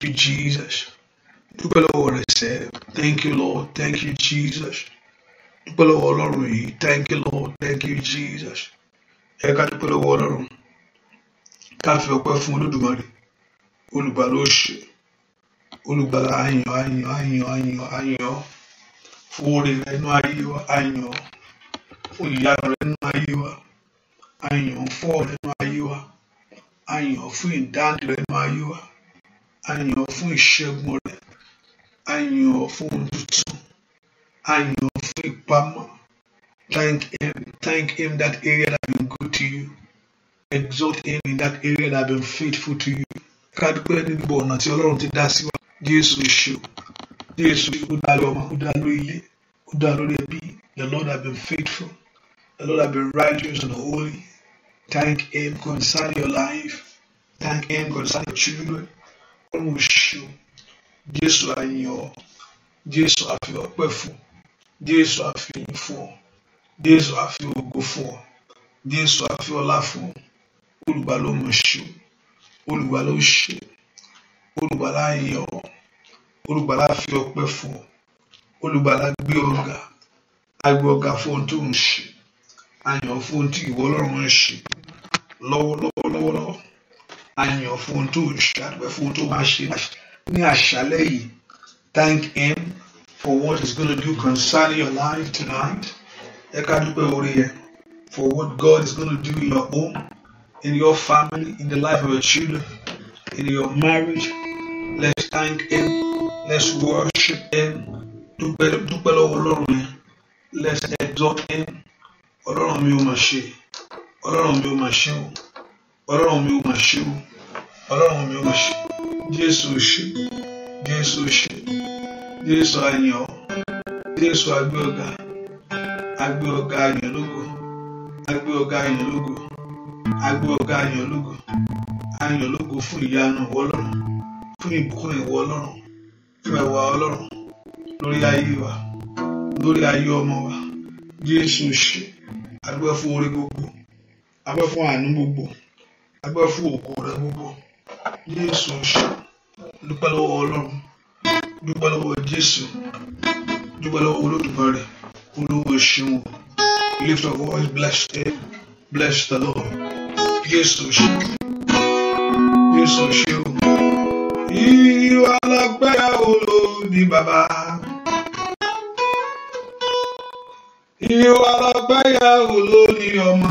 Thank you, Jesus. dúpẹ́ lọ́wọ́ rẹ̀ sẹ́ thank you lord thank you jesus dúpẹ́ lọ́wọ́ ọlọ́run yìí thank you lord thank you jesus ẹ ká dúpẹ́ lọ́wọ́ ọlọ́run ká fi ọpẹ́ fún olódùmarè olùgbàlóṣe olùgbàlà àyàn àyàn àyàn àyàn àyàn fún oore rẹ̀ nínú ayé wa àyàn fún ìyanu rẹ̀ nínú ayé wa àyàn fún ọrẹ nínú ayé wa àyàn fún ìdáǹdè rẹ̀ nínú ayé wa a yìn ọ́ fún ìṣẹ́gun rẹ a yìn ọ́ fún ohun tuntun a yìn ọ́ fún ìpamọ́ thank him thank him that area that been good to you exalt him in that area that been faithful to you ká dúpẹ́ ní gbogbo ọ̀nà tí ọlọ́run ti dá sí wa jésù ṣe o jésù ó ọmọ ó ilé ó ẹbí the lord have been faithful the lord have been righteous and holy thank him Concern your life thank him Concern your children ọlọ́run ṣeun jésù àyìn ọ jésù àfi ọpẹ́ fún jésù àfi ìyìn fún ọ jésù àfi ògo fún ọ jésù àfi ọlá fún ọ olùgbà ló mọ ṣeun olùgbà ló ṣeun olùgbà láàyè ọ olùgbà láfi ọpẹ́ fún ọ olùgbà lágbé ọgá agbé ọgá fún ohun tó ń ṣe àyàn fún ohun tí ìwọ ń ṣe lọ́wọ́lọ́wọ́lọ́wọ́ a yìn ọ́ fún ohun tó ń ṣe àdúgbò fún ohun tó máa ṣe ní àṣálẹ́ yìí thank him for what he's gonna do concerning your life tonight ẹ ká dúpẹ́ orí yẹn for what God is gonna do in your home in your family in the life of your children in your marriage let's thank him let's worship him dúpẹ́ dúpẹ́ lọ́wọ́ ọlọ́run yẹn let's exalt him ọlọ́run mi ò mà ṣe ọlọ́run mi ò mà ṣe o ọlọ́run mi ò mà ṣe o ọlọ́run mi ò mà ṣe jésù ṣe jésù ṣe jésù àyàn jésù agbé ọ̀gá agbé ọ̀gá àyàn lógo agbé ọ̀gá àyàn lógo agbé ọ̀gá àyàn lógo àyàn lógo fún ìyanu ìwọ ọlọ́run fún ìbùkún ìwọ ọlọ́run fún ẹwà ọlọ́run lórí ayé wa lórí ayé ọmọ wa jésù ṣe agbẹ́ fún orí gbogbo agbẹ́ fún àánú gbogbo agbára fún ògo rẹ gbogbo jésù dúpẹ́ lọ́wọ́ ọlọ́run dúpẹ́ lọ́wọ́ jésù dúpẹ́ lọ́wọ́ olódùmarè olówó ìṣinwó lift your voice bless the, bless the lord jésù ṣe jésù ṣe o ìwà lágbára olóòní bàbá. Ìwà lágbára olóòní ọmọ.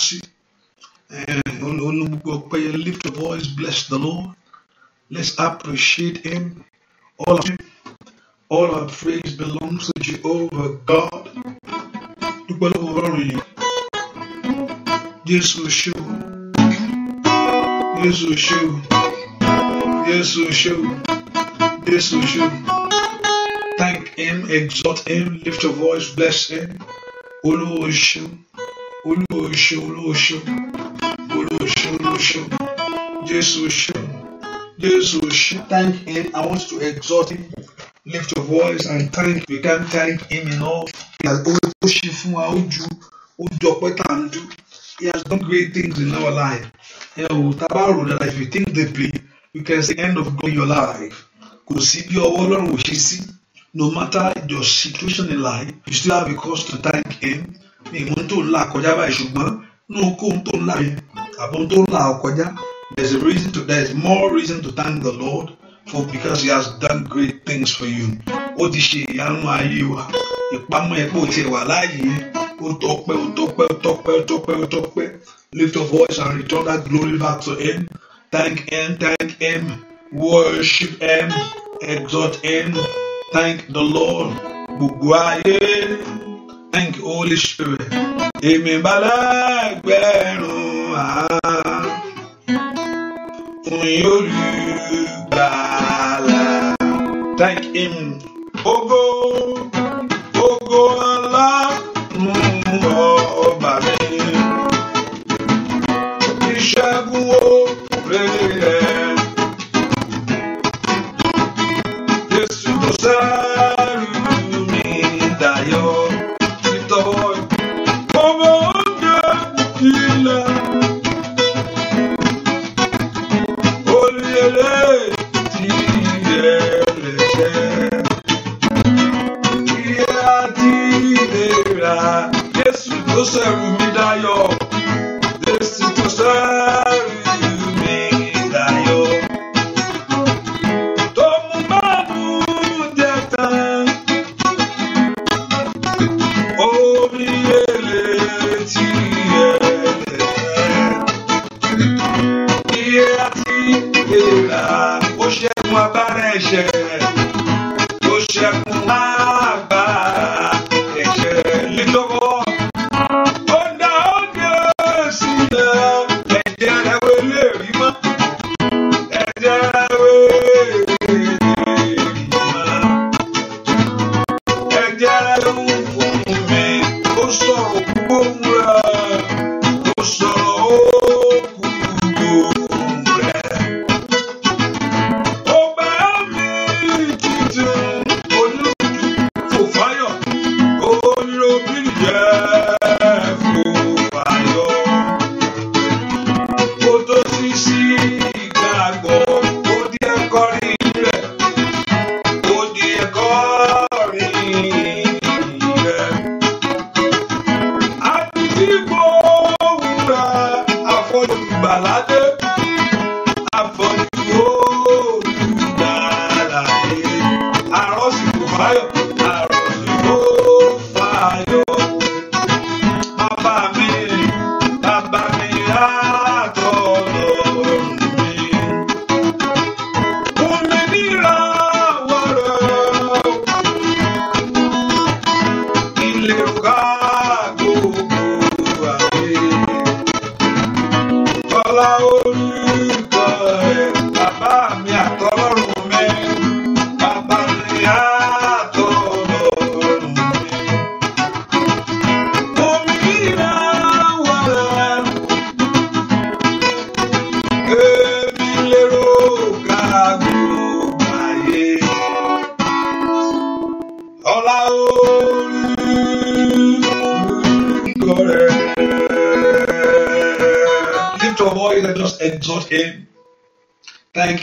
mercy. And lift your voice, bless the Lord. Let's appreciate Him. All of Him. All our praise belongs to Jehovah God. Dúpẹ́ lọ́wọ́ Ọlọ́run yìí. Jésù ṣe o. Jésù This o. Jésù ṣe o. Jésù Thank him, exalt him, lift your voice, bless him. Olúwo ṣe o. olúwo ṣeun olúwo ṣeun olúwo ṣeun olúwo ṣeun jésù ṣeun jésù ṣeun thank him i want to exalt him lift your voice and thank you can thank him enough he has owó tó ṣe fún wa ó ju ó ju ọpẹ́ tá à ń he has done great things in our life ẹ ò tá a if you think deeply you can see end of God in your life kò sí bí ọwọ́ ọlọ́run ò ṣe sí no matter your situation in life you still have a cause to thank him ní ìmọ̀ tó ń kọjá báyìí ṣùgbọ́n ní ohunkóhun tó ń yẹn àbọ̀ tó ń kọjá there is a reason to there is more reason to thank the Lord for because he has done great things for you ó ti ṣe ìyanu ayé wa ìpamọ́ ẹ̀ pé ó ti wà láàyè ó tọpẹ́ ó tọpẹ́ ó tọpẹ́ ó tọpẹ́ ó tọpẹ́ lift your voice and return that glory back to him thank him thank him worship him Exhort him thank the Lord gbogbo ayé. Thank you, Holy Spirit. Èmi balẹ̀gbẹ̀rún á fún olùgbàlà. Thank him. Ogo Ogo ńlá mú ọba mi. Ìṣẹ́gun ó.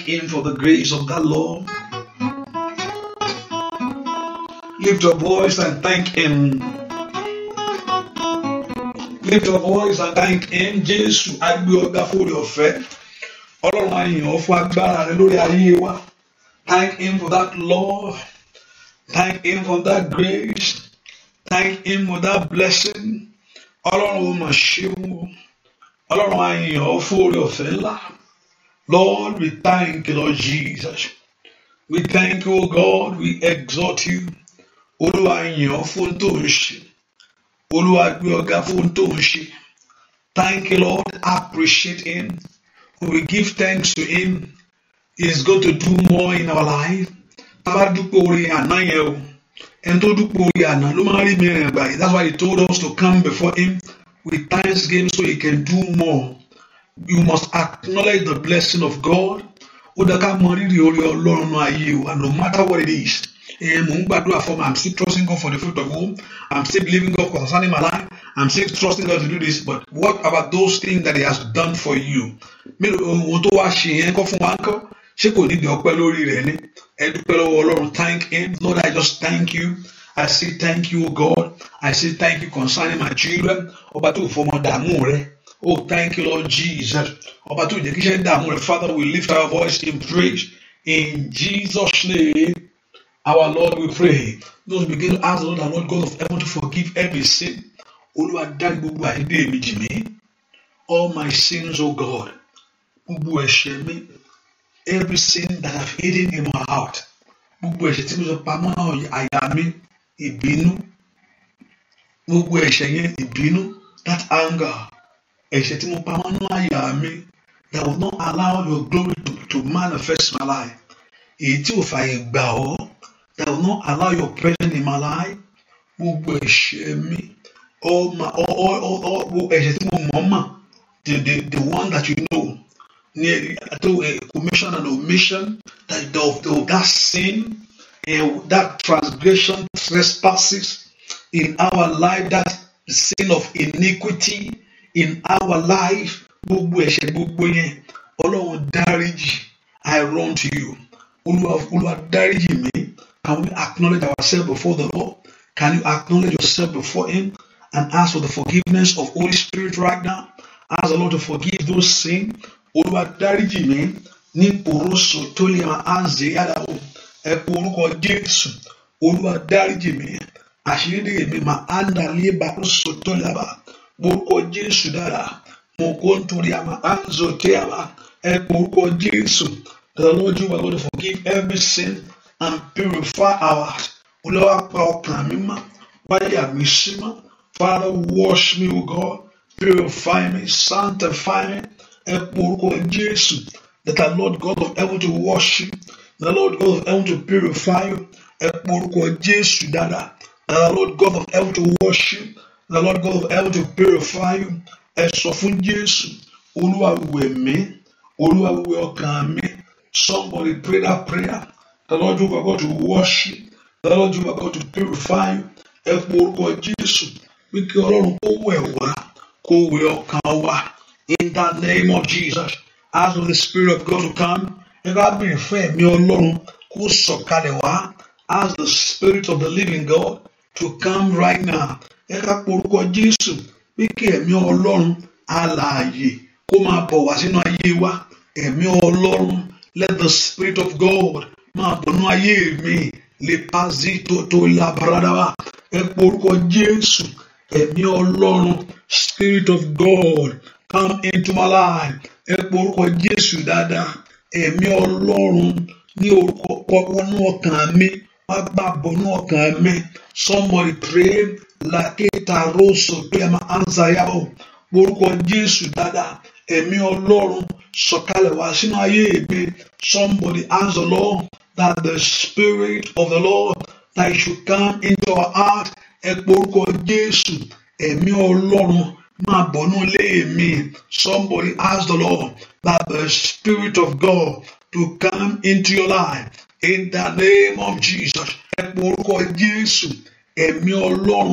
in for the grace of that Lord? Lift your voice and thank Him. Lift your voice and thank Him. Jésù agbéọgá fúri ọ̀fẹ́. Ọlọ́run àyàn fún agbára rẹ lórí ayé wa. Thank Him for that love. Thank Him for that grace. Thank Him for that blessing. Ọlọ́run ò mà ṣeun. Ọlọ́run àyàn fúri ọ̀fẹ́ ńlá. Lord, we thank you, Lord Jesus. We thank you, O God. We exhort you. Olúwa yìn ọ́ fún tó ń ṣe. Olúwa gbé ọ̀gá Thank you, Lord. Appreciate Him. We give thanks to Him. He is going to do more in our life. That's why he told us to come before Him with thanksgiving so He can do more. you must acknowledge the blessing of God ó dá ká mọ rírì orí ọlọ́run ayé wa no matter what it is mò ń gbàdúrà fún mi i'm still trusting God for the fruit of womb i'm still believing God for concerning my life i'm still trusting God to do this but what about those things that he has done for you mélòó ohun tó wá ṣe yẹn kọ́ fún wa ń kọ́ ṣé kò nídìí ọpẹ́ lórí rẹ̀ ni ẹ dúpẹ́ lọ́wọ́ ọlọ́run thank him lord i just thank you i say thank you god i say thank you concerning my children ọba tó fọmọ dààmú rẹ̀ Oh, thank you, Lord Jesus. Ọba tó jẹ́ kí iṣẹ́ Father, we lift our voice in praise in Jesus' name. Our Lord, we pray. Let us begin to ask the Lord, our Lord God of heaven, to forgive every sin. All my sins, O oh God. Gbogbo ẹ̀ṣẹ̀ mi. Every sin that I've hidden in my heart. Gbogbo ẹ̀ṣẹ̀ tí mo sọ pamọ́ àyà mi, ìbínú. Gbogbo ẹ̀ṣẹ̀ yẹn, ìbínú. That anger ẹ̀ṣẹ̀ tí mo pamọ́ nínú àyà mi that will not allow your glory to, to manifest my life èyí tí ò fààyè gbà ọ́ that will not allow your presence in my life gbogbo ẹ̀ṣẹ̀ mi all my all all all all ẹ̀ṣẹ̀ tí mo mọ̀ mọ̀ the the the one that you know ní to a eh, commission and omission that the the that sin and eh, that transgression trespasses in our life that sin of iniquity in our life gbogbo ẹ̀ṣẹ̀ gbogbo yẹn ọlọ́run dáríjì I run to you olúwa olúwa dáríjì mi can we acknowledge ourselves before the Lord can you acknowledge yourself before him and ask for the forgiveness of Holy Spirit right now ask the Lord to forgive those sin olúwa dáríjì mi ní poroso tó ma máa ànzè yàrá o ẹ kú orúkọ Jésù olúwa dáríjì mi àṣírí dèrè mi máa àndàlẹ́ bá oṣù tó lábàá. Buko Jésù dára. Mo kó nítorí àmà Buko tí a The Lord you are going to forgive every sin and purify our heart. Olúwa pa ọkàn mi Father wash me o God, purify me, sanctify me. Ẹ orúkọ Jésù. That the Lord God of heaven to wash you. The Lord God of heaven to purify you. Ẹ orúkọ Jésù dáadáa. That the Lord God of heaven to wash you. The Lord God of heaven to purify you. Ẹ sọ fún Jésù, Olúwa wẹ̀ mí, Olúwa ọkàn mi. Somebody pray that prayer. The Lord Jehovah God to worship. The Lord Jehovah God to purify you. Ẹ pọ orúkọ Jésù pé kí Ọlọ́run kó wẹ̀ wá, kó wẹ̀ ọkàn wa. In the name of Jesus, As the Spirit of God to come. Ẹ bá bèrè fún ẹ̀mí Ọlọ́run kó sọ̀kalẹ̀ wá. As the Spirit of the living God to come right now ẹ ká porúkọ Jésù pé kí ẹ̀mí Ọlọ́run alààyè kó máa bọ̀ wá sínú ayé wa ẹ̀mí Ọlọ́run let the spirit of God máa bọ̀ nú ayé mi lè pàṣẹ tòótọ́ làbàràdàbà ẹ porúkọ Jésù ẹ̀mí Ọlọ́run spirit of God come into my life ẹ porúkọ Jésù dáadáa ẹ̀mí Ọlọ́run ní orúkọ wọnú ọkàn mi wá gbà bọ̀nú ọkàn mi somebody pray làkètà rọ́ọ̀sù pé ẹ máa ansa yá o orúkọ Jésù dáadáa ẹ̀mí Ọlọ́run sọ̀kalẹ̀ wá sínú ayé mi somebody ask the Lord that the spirit of the Lord that should come into our heart ẹ pé orúkọ Jésù ẹ̀mí Ọlọ́run máa bọ̀nú ilé mi somebody ask the Lord that the spirit of God to come into your life in the name of Jesus ẹ pọ orúkọ Jésù ẹ̀mí Ọlọ́run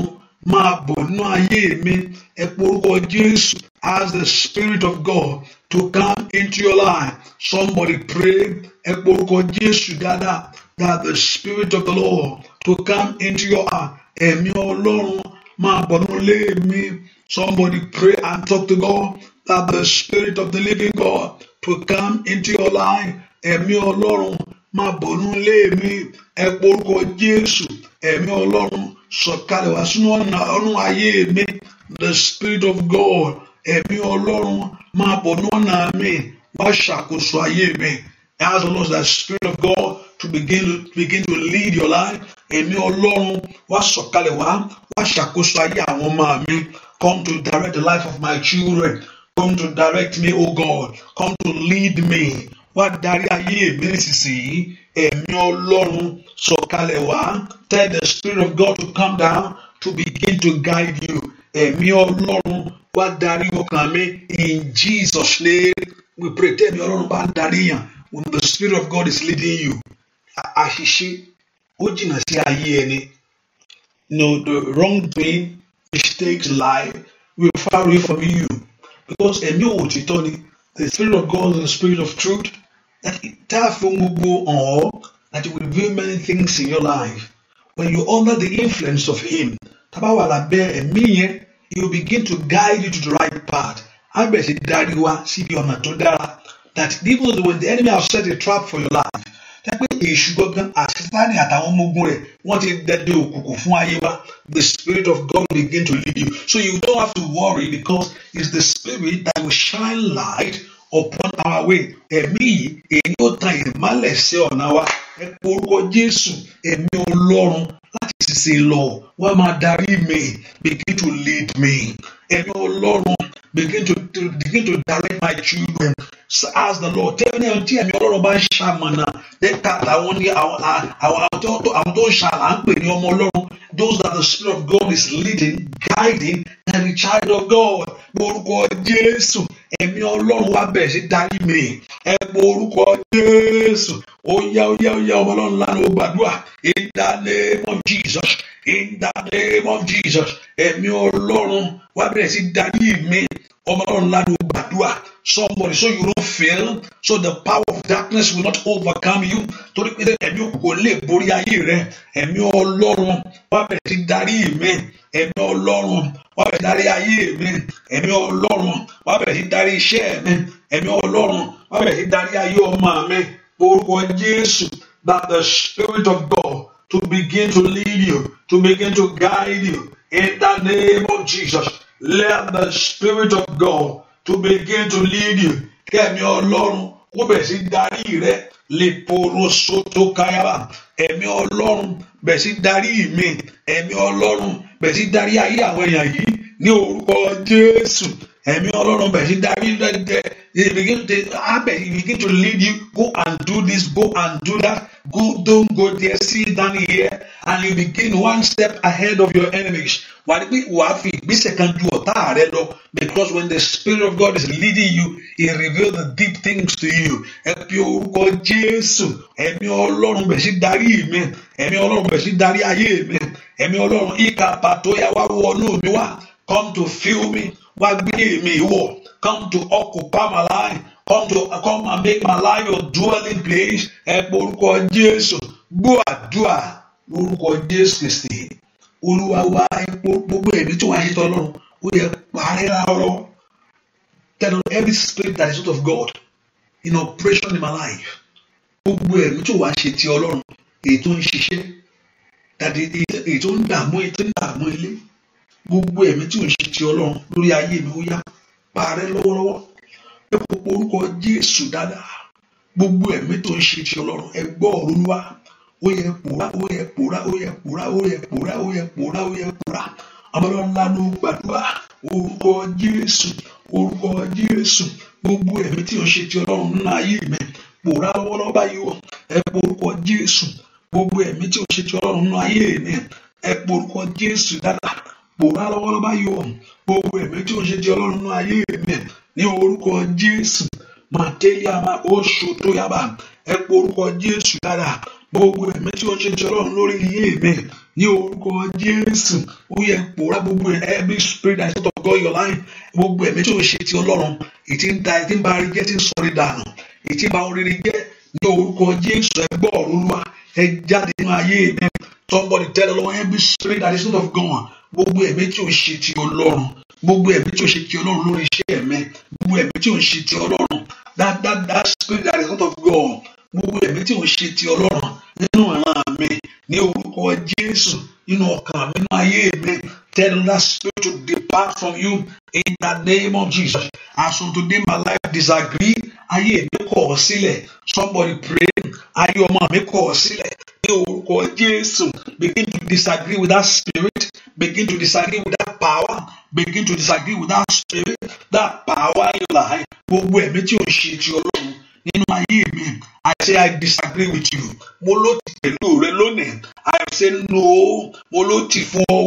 máa bọ̀ nínú ayé mi ẹ pọ orúkọ Jésù ask the spirit of God to come into your life somebody pray ẹ pọ orúkọ Jésù dáadáa that the spirit of the Lord to come into your heart ẹ̀mí Ọlọ́run máa bọ̀ nínú ilé mi somebody pray and talk to God that the spirit of the living God to come into your life ẹ̀mí Ọlọ́run. máa bọ̀ nú ilé mi ẹ pe orúkọ Jésù ẹ̀mí Ọlọ́run sọ̀kalẹ̀ wá sínú ọ̀nà ayé mi the spirit of God ẹ̀mí Ọlọ́run máa bọ̀ nú ọ̀nà mi wá ṣàkóso ayé mi as the as the spirit of God to begin to begin to lead your life ẹ̀mí Ọlọ́run wá sọ̀kalẹ̀ wá wá ṣàkóso ayé àwọn ọmọ mi come to direct the life of my children come to direct me o God come to lead me wá darí ayé mi nísinsìnyí ẹ̀mí ọlọ́run sọ̀kalẹ̀ wá tell the spirit of God to come down to begin to guide you ẹ̀mí ọlọ́run wá darí ọkàn mi in Jesus name we pray tẹ́mi ọlọ́run bá ń darí yàn when the spirit of God is leading you àṣìṣe ó jìnnà sí ayé ẹni no the wrong thing mistakes lie will far away from you because ẹ̀mí òtítọ́ ni the spirit of God is the spirit of truth. Oh, that Itafun will go on, that will reveal many things in your life. When you under the influence of Him, Tabawalabe and me, He will begin to guide you to the right path. Abesi Dariwa Sibi Ona Todara. That even when the enemy has set a trap for your life, tẹ́pẹ́ èṣù gangan àti sani àtàwọn ọmọ ogun rẹ̀ wọ́n ti dẹ́dẹ́ òkùnkùn fún ayé wa the spirit of God begin to lead you so you don't have to worry because it's the spirit that will shine light upon our way ẹ̀mí yìí èyí ó tan ìmọ́lẹ̀ sí ọ̀nà wa ẹ pe orúkọ Jésù ẹ̀mí Ọlọ́run láti ṣiṣẹ́ lọ wá máa darí mi begin to lead me ẹ̀mí Ọlọ́run begin to begin to direct my children As the Lord tell ní ẹni tí ẹ̀mí Ọlọ́run bá ń ṣamọ̀nà àwọn ní àwọn tó ń ṣà à ń pè ní ọmọ Ọlọ́run those that the Spirit of God is leading guiding and the child of God orúkọ Jésù ẹ̀mí Ọlọ́run wá bẹ̀rẹ̀ sí darí mi ẹ pọ orúkọ Jésù ó yá ó yá ó yá ọmọ Ọlọ́run lánàá ó gbàdúrà in the name of Jesus in the name of Jesus ẹ̀mí Ọlọ́run wá bẹ̀rẹ̀ sí darí mi. Ọmọlọ́run ńlá ni ó gbàdúrà somebody so you don't fail so the power of darkness will not overcome you torí pé ẹ̀mí òkùnkùn lè borí ayé rẹ ẹ̀mí ọlọ́run wá bẹ̀rẹ̀ sí darí mi ẹ̀mí ọlọ́run wá bẹ̀rẹ̀ darí ayé mi ẹ̀mí ọlọ́run wá bẹ̀rẹ̀ sí darí iṣẹ́ mi ẹ̀mí ọlọ́run wá bẹ̀rẹ̀ sí darí ayé ọmọ mi orúkọ Jésù that the spirit of God to begin to lead you to begin to guide you in the name of Jesus let the spirit of God to begin to lead you kẹ́mi ọlọ́run kó bẹ̀ sí darí rẹ lè poro soto kayaba ẹ̀mí ọlọ́run bẹ̀ sí darí mi ẹ̀mí ọlọ́run bẹ̀ sí darí ayé àwọn èèyàn yìí ní orúkọ Jésù ẹ̀mí ọlọ́run bẹ̀ sí darí dẹ́dẹ́ he begin to abeg he begin to lead you go and do this go and do that go don go there see down here and you begin one step ahead of your enemies wà á rí pé wà á fi ìgbésẹ̀ kan ju ọ̀tá rẹ lọ because when the spirit of God is leading you he reveal the deep things to you ẹ pe orúkọ Jésù ẹ̀mí Ọlọ́run bẹ̀ sí darí mi ẹ̀mí Ọlọ́run bẹ̀ sí darí ayé mi ẹ̀mí Ọlọ́run ìka pàtó yà wá wọnú mi wá come to fill me wá gbé mi wọ̀ come to occupy my life come to come and make my life your dwelling place ẹ pe orúkọ Jésù gbọ́ àdúrà lórúkọ Jésù Kristi olúwa wa gbogbo ẹ̀mí tó wá ṣe tọ́ lọ́run ó yẹ parẹ́ lárọ́ tell on every spirit that is not of God in operation in my life gbogbo ẹ̀mí tó wá ṣe ti ọlọ́run èyí tó ń ṣiṣẹ́ tàbí èyí tó ń dààmú èyí tó ń dààmú ilé gbogbo ẹ̀mí tí ò ń ṣe ti ọlọ́run lórí ayé mi ó yá parẹ́ lọ́wọ́lọ́wọ́ ẹ kò porúkọ Jésù dáadáa gbogbo ẹ̀mí tó ń ṣe ti ọlọ́run ẹ ọ̀rọ̀ wá oyè pòórá oyè pòórá oyè pòórá oyè pòórá oyè pòórá oyè pòórá ọmọlọ́lá ló gbàdúrà orúkọ Jésù orúkọ Jésù gbogbo ẹ̀mí tí o ṣe ti Ọlọ́run nínú ayé mi pòórá wọ́lọ́ba yìí ẹ pọ Jésù gbogbo ẹ̀mí tí o ṣe ti Ọlọ́run gbogbo ẹ̀mí tí ó ṣe jọ lọ́run lórí iye mi ní orúkọ Jésù ó yẹ pòórá gbogbo every spirit that is out of God your life gbogbo ẹ̀mí tí ó ṣe ti Ọlọ́run ètí ń da ètí ń ba arí jẹ́ tí ń sọrí dànù ètí ń ba oríire jẹ́ ní orúkọ Jésù ẹgbọ́ Olúwa ẹ jáde nínú ayé mi somebody tell the Lord every spirit that is out of God gbogbo ẹ̀mí tí ó ṣe ti Ọlọ́run gbogbo ẹ̀mí tí ó ṣe ti Ọlọ́run lórí iṣẹ́ mi gbogbo ẹ̀mí tí ó ṣe ti Ọlọ́run that that that spirit that is out of God gbogbo ẹ̀mí tí ó ṣe ti Ọlọ́run nínú ìran mi ní orúkọ Jésù nínú ọkàn mi nínú ayé mi tell that spirit to depart from you in the name of Jesus as of today my life disagree ayé mi kọ̀ ọ́ sílẹ̀ somebody pray ayé ọmọ mi kọ̀ ọ́ sílẹ̀ ní orúkọ Jésù begin to disagree with that spirit begin to disagree with that power begin to disagree with that spirit that power in your life gbogbo ẹ̀mí tí ò ń ṣe ti Ọlọ́run nínú ayé mi I say I disagree with you mo ló ti pẹ̀lú rẹ lónìí I say no mo ló ti fún ọ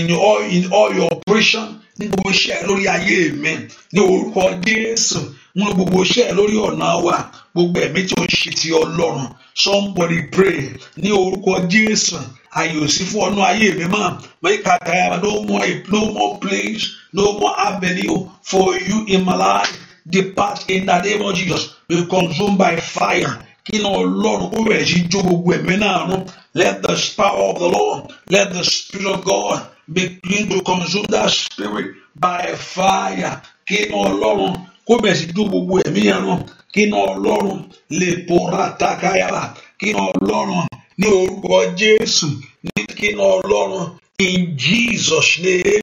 in all in all your operation ní gbogbo iṣẹ́ lórí ayé mi ní orúkọ Jésù ní gbogbo iṣẹ́ lórí ọ̀nà wa gbogbo ẹ̀mí tí ó ń ṣe ti Ọlọ́run somebody pray ní orúkọ Jésù àyè sí fún ọ̀nà ayé mi mọ́ mẹ́ka tàyà no more no more place no more avenue for you in my life depart in the name of Jesus be consumed by fire kí náà ọlọ́run kó bẹ̀rẹ̀ sí jó gbogbo ẹ̀mí náà rún let the power of the Lord let the spirit of God begin to consume that spirit by fire kí náà ọlọ́run kó bẹ̀rẹ̀ sí jó gbogbo ẹ̀mí yẹn rún kí náà ọlọ́run lè pòórá takayaba kí náà ọlọ́run ní orúkọ Jésù ní ọlọ́run in Jesus name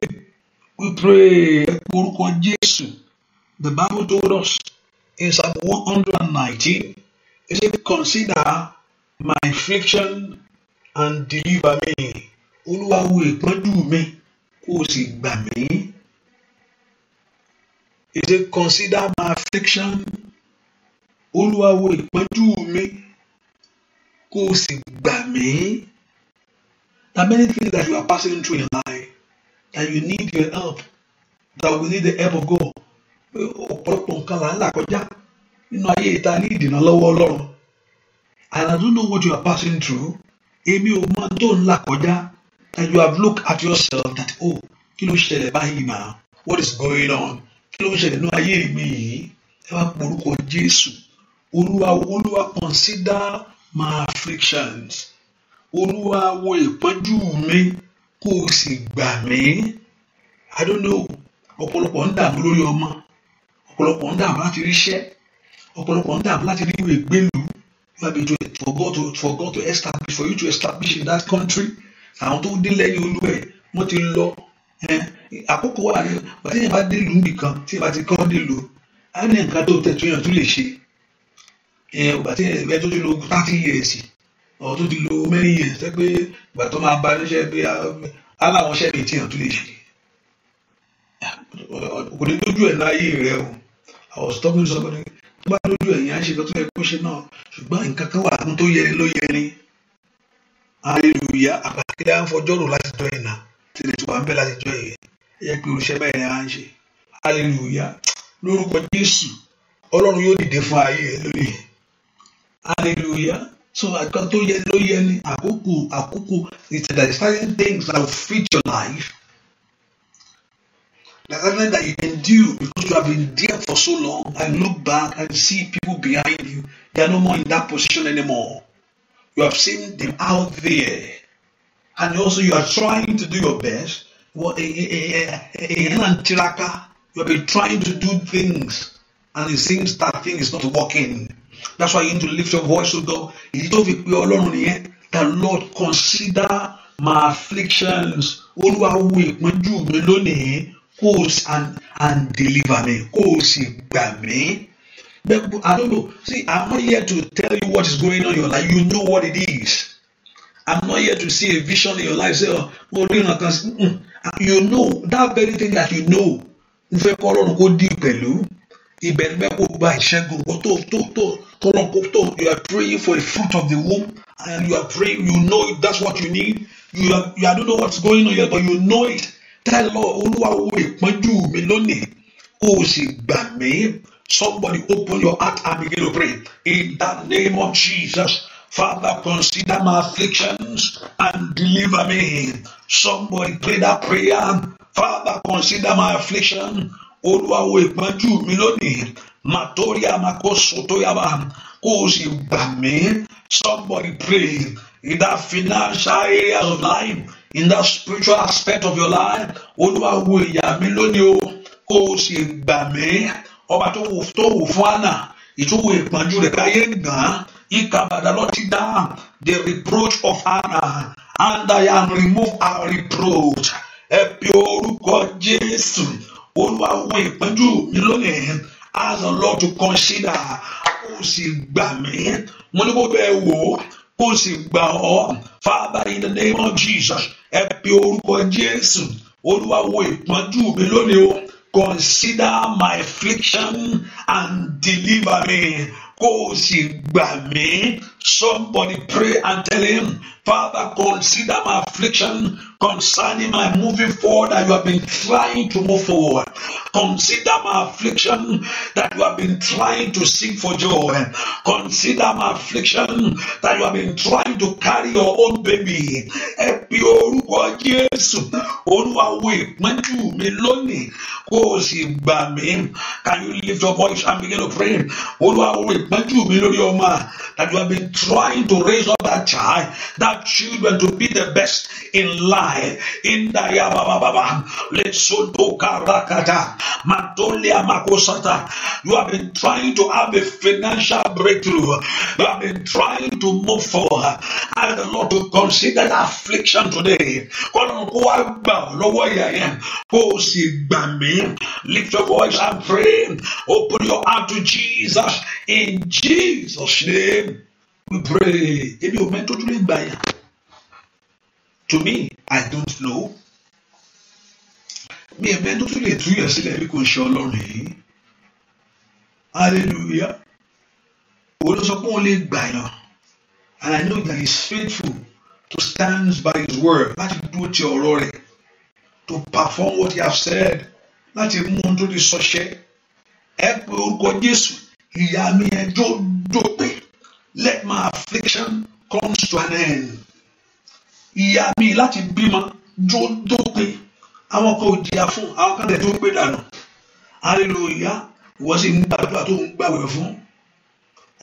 we pray orúkọ Jésù. The Bible told us in Psalm 119, it said, Consider my affliction and deliver me. Olúwa wo ìpọ́njú mi kó o sì gbà mí. He said, Consider my affliction. Olúwa wo ìpọ́njú mi kó o sì gbà mí. There are many things that you are passing through in life that you need your help, that we need the help of God ọ̀pọ̀lọpọ̀ nǹkan là ń là kọjá nínú ayé ìta ní ìdènà lọ́wọ́ ọlọ́run and I don't know what you are passing through èmi ò mọ tó ń là kọjá that you have looked at yourself that oh kí ló ṣẹlẹ̀ báyìí náà what is going on kí ló ń ṣẹlẹ̀ nínú ayé mi yìí ẹ wá porúkọ Jésù olúwa olúwa consider my afflictions olúwa wo ìpọ́njú mi kó o sì gbà mí I don't know ọ̀pọ̀lọpọ̀ ń dààmú lórí ọmọ ọ̀pọ̀lọpọ̀ ń dààmú láti ríṣẹ́ ọ̀pọ̀lọpọ̀ ń dààmú láti rí ìwé gbélú for God to for God to establish for you to establish in that country àwọn tó dé lẹ́yìn olú ẹ̀ wọ́n ti lọ àkókò wà ní bàtí yẹn bá dé lù nìkan tí yẹn bá ti kọ́ dé lò á ní nǹkan tó tẹ̀ tó yàn tó lè ṣe bàtí yẹn bẹ́ẹ̀ tó ti lo thirty years ọ̀ tó ti lo many years tẹ́ pé bàtọ́ máa ba níṣẹ́ bí aláwọ̀ ṣẹ́ mi tí yàn tó lè ṣe kò ní lójú ẹ̀ láyé rẹ o. I was talking to somebody tó bá lójú ẹ̀yìn á ṣe nǹkan tó yẹ kó ṣe náà ṣùgbọ́n nǹkan kan wà tó yẹni ló yẹni hallelujah àpàkìlẹ̀ à ń fọjọ́ rò láti jọ ìnà tìrẹ̀ tí wà ń bẹ̀ láti jọ ìyẹn ẹ̀yẹ pé irúṣẹ́ bẹ́ẹ̀ ni à ń ṣe hallelujah lórúkọ Jésù Ọlọ́run yóò dìde fún ayé ẹ lórí hallelujah so nǹkan tó yẹni ló yẹni àkókò àkókò it's the certain things that will fit your life. The nothing that you can do because you have been there for so long and look back and see people behind you. They are no more in that position anymore. You have seen them out there. And also you are trying to do your best. Eh, eh, eh, you have been trying to do things and it seems that thing is not working. That's why you need to lift your voice to oh God. Èyí tó fi pé Ọlọ́run nìyẹn. The Lord consider my afflictions. Olúwa wo ìpọ́njú mi lónìí kó and and deliver me kó o sì gbà I don't know see I'm not here to tell you what is going on in your life you know what it is. I'm not here to see a vision in your life say oh, mo rí ìran kan sí ah, you know that very thing that you know n fẹ́ kọ́ ọlọ́run kó dì pẹ̀lú kó gba ìṣẹ́gun tó tó tó tọ́lọ́n kó tó you are praying for the fruit of the womb and you are praying you know that's what you need you are you I don't know what's going on yet, but you know it tẹ́lọ̀ olúwa wo ìpọ́njú mi lónìí kó o sì gbà mí somebody open your heart and begin to pray in the name of Jesus. Father, consider my afflictions and deliver me. Somebody pray that prayer. Father, consider my affliction. Olúwa wo ìpọ́njú mi lónìí. Màtórí àmàkóso tó yàrá kó o sì gbà mí. Somebody pray in that financial area of life in that spiritual aspect of your life olúwa wo ìyá mi lónìí o kó o sì gbà mí ọba tó wò fún àná ìtúwò ìpọ́njú rẹ̀ káyé gàn ìkàbàdà lọ́tí dá the reproach of Hannah and I am remove her reproach ẹ pe orúkọ Jésù olúwa wo ìpọ́njú mi lónìí ask the Lord to consider kó o sì gbà mí mo ní kó bẹ́ẹ̀ wò ó kó sì gbà ọ́ Father in the name of Jesus ẹ pe orúkọ Jésù Olúwa wo ìpọ́njú mi lónìí o consider my affliction and deliver me kó o sì gbà mí Somebody pray and tell him, Father, consider my affliction concerning my moving forward that you have been trying to move forward. Consider my affliction that you have been trying to seek for joy. Consider my affliction that you have been trying to carry your own baby. Ẹ pe orúkọ Jésù, Olúwa wo ìpẹ́jù mi lónìí, kó o Can you lift your voice and begin to pray? Olúwa wo ìpẹ́jù mi lórí ọmọ that you have been trying to raise up that child, that children to be the best in life. In the makosata. You have been trying to have a financial breakthrough. You have been trying to move forward. Ask the Lord to consider the affliction today. Lift your voice and pray. Open your heart to Jesus in Jesus' name. We pray. Ebi o mẹ́tò tún lè gbà yà. To me, I don't know. Mi ẹ̀ mẹ́tò tún lè túyàn sílẹ̀ bí kò ṣe ọlọ́run yìí. Hallelujah. Òun ló sọ pé òun lè gbà yàn. And I know that he is faithful to stand by his word láti dúró ti ọ̀rọ̀ rẹ̀ to perform what he has said láti mú ohun tó ti sọ ṣẹ. Ẹ pé orúkọ Jésù ìyá mi ẹjọ́ dòpin let my affliction come to an end. Ìyà mi láti bímọ dópin àwọn kan ò jìyà fún àwọn kan tẹ̀ tó pé dànù. Hallelujah ìwọ sì ń gbàdúrà tó ń gbàwẹ̀ fún.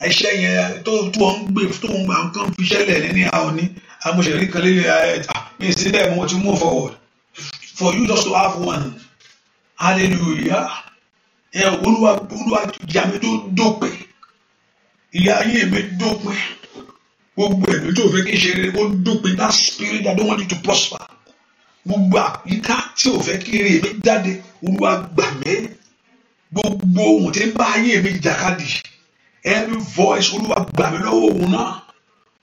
Ẹ̀ṣẹ̀ yẹn tó tó ń gbè tó ń gbà nǹkan fi ṣẹlẹ̀ níní àwọn ní amúṣẹ̀rí kan lílé ẹ̀ta mi sí dẹ̀ mo ti move forward for you just to have one. Hallelujah ẹ̀ olúwa olúwa jàmí tó dópin ìyá ayé mi dópin gbogbo ẹ̀mí tó fẹ́ kí n ṣe rere ó dópin that spirit that don't want you to prosper gbogbo àyíká tí ò fẹ́ kí eré mi jáde olúwa gbà mí gbogbo ohun tí ń bá ayé mi jàkadì every voice olúwa gbà mí lọ́wọ́ òun náà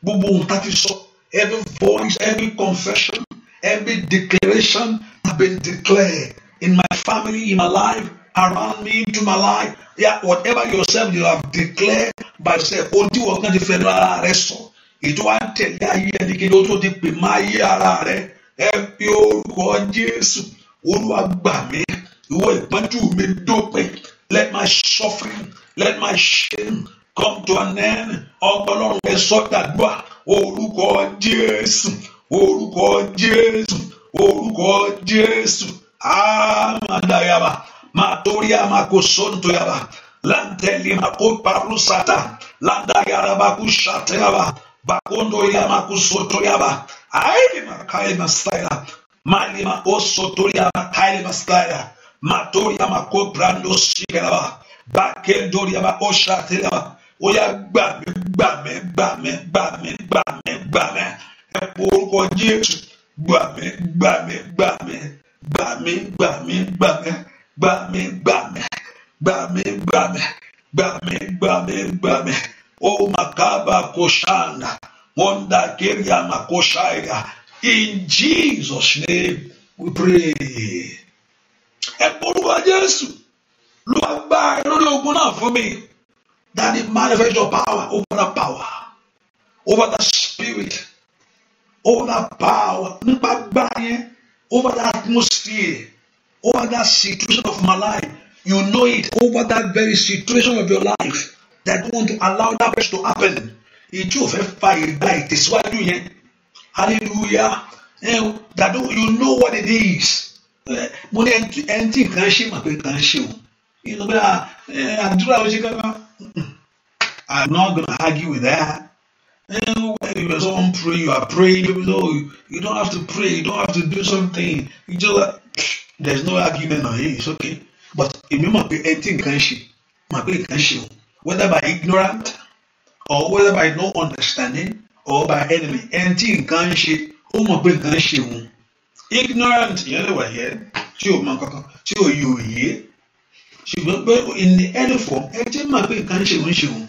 gbogbo ohun tá a ti sọ every voice every confession every declaration have been declared in my family in my life around me into my life yeah, whatever yourself you have declared by yourself ohun tí wọ́n kàn ti it won't rẹ sọ ètò wa ń tẹ̀lé ayé ẹni kejì let my suffering let my shame come to an end ọgbọ́lọ́run Jesus, oh dàdúrà Jesus. Jésù orúkọ Jésù orúkọ Jésù amadayaba. Ah, matoria makosonto yaba lanteli makoparusata landa yaraba kushate yaba bakondo yama kusoto yaba aili makaili mastaya mali makosoto yaba kaili mastaya matoria makobrando shigeraba bakendo yaba oshate yaba oya gbàmí gbàmí gbàmí gbàmí gbàmí gbàmí ẹ e po orúkọ Jésù gbàmí gbàmí gbàmí gbàmí gbàmí gbàmí gbà mí gbà mí gbà mí gbà mí gbà mí gbà mí gbà mí ó màkàbà kò ṣàánà wọn dà in Jesus name we pray. ẹ polúwa Jésù ló wá gba ìrọ̀lẹ́ ogun náà fún mi that the manifest your power over that power over the spirit over that power nípa gbáyé over the atmosphere. over oh, that situation of my life. You know it over that very situation of your life that you want to allow that person to happen. Ìjú òfẹ́ fa what you hear. Hallelujah. Eh, that you know what it is. Eh, Money and ẹni can nǹkan ṣe mà pé You know, o. Eh, I'm not gonna argue with that. And you're praying, you are praying. You you don't have to pray. You don't have to do something. You just like. there is no argument on it it's okay but èmi mọ̀ pé ẹ tí nǹkan ṣe mọ̀ pé nǹkan ṣe o whether by ignorant or whether by no understanding or by enemy ẹ tí nǹkan ṣe ó mọ̀ pé nǹkan ṣe ignorant yẹn lè wà yẹ tí ò mọ̀ kankan tí ò yí òye ṣùgbọ́n pé in the early form ẹ jẹ́ mọ̀ pé nǹkan ṣe òun ṣe òun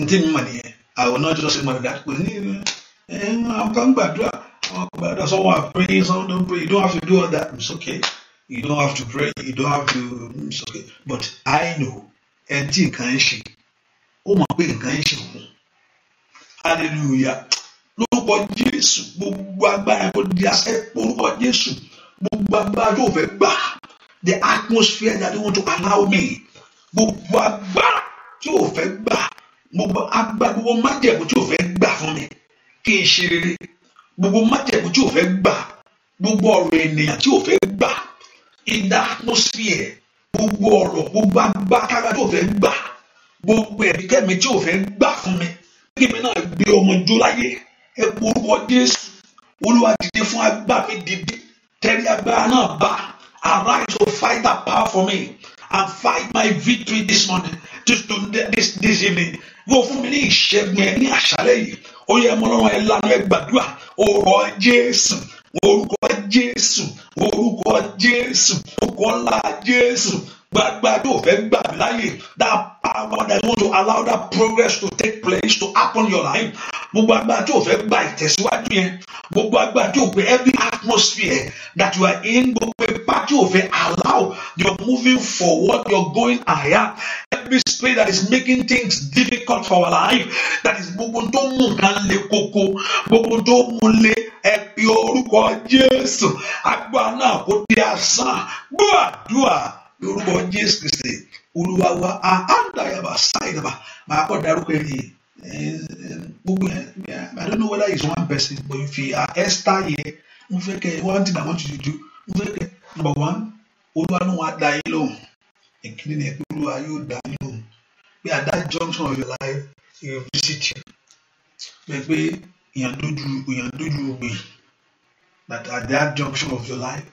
n tí mi nìyẹn I will not just say my dad kò ní ẹ eh, ẹ àwọn kan gbàdúrà But that's all I pray. Some don't pray. You don't have to do all that. It's okay. You don't have to pray. You don't have to. Mm, it's okay. But I know. Ẹni tí nǹkan ń ṣe, ó mọ̀ pé Hallelujah. Lórúkọ Jésù, gbogbo agbára kò di asẹ́ orúkọ Jésù. Gbogbo agbára yóò fẹ́ gbà. The atmosphere that they want to allow me. Gbogbo agbára tí ò fẹ́ gbà. Gbogbo agbára gbogbo májẹ̀mú tí ò fẹ́ gbà fún mi. Kí n ṣe rere gbogbo májẹ̀mú tí o fẹ́ gbà gbogbo ọ̀rọ̀ ènìyàn tí o fẹ́ gbà in the atmosphere gbogbo ọ̀rọ̀ gbogbo agbákára tí o fẹ́ gbà gbogbo ẹ̀míkẹ́mi tí o fẹ́ gbà fún mi kí mi náà gbé ọmọ jó láyé ẹ kú orúkọ Jésù Olúwa dìde fún agbá mi dìde tẹ́lẹ̀ agbára náà bá arise to fight that power for me and fight my victory this morning this this this evening mo fún mi ní ìṣẹ́gun ẹ ní àṣálẹ́ yìí ó yẹ mọ́ lọ́rùn ẹ lanu ẹ gbàdúrà orúkọ jésù orúkọ jésù orúkọ jésù orúkọ ńlá jésù gbagba yóò fẹ́ gbà mí láyè that power that want to allow that progress to take place to happen in your life gbogbo agbára tí o fẹ́ gba ìtẹ̀síwájú yẹn gbogbo agbára tí o fẹ́ every atmosphere that you are in gbogbo ipa tí o fẹ́ allow you're moving forward, you're going higher. Every spirit that is making things difficult for our life, that is gbogbo tó le koko, gbogbo mule mú le ẹ̀pì orúkọ Jésù, agbára náà kò di asán, gbọ́ àdúrà lórúkọ Jésù Kristi, Olúwa wa, àádọ́yàbà sáyẹ̀dàbà, màá kọ́ darúkọ ẹni yìí. I don't know whether it's one person, but if you are Esther here, one thing I want you to do, number one olúwa lóun á dá yín lóhùn ìkíni ni pé olúwa yóò dá yín lóhùn pé at that junction of your life he will visit you pé pé èèyàn dójú èèyàn dójú ògbè that at that junction of your life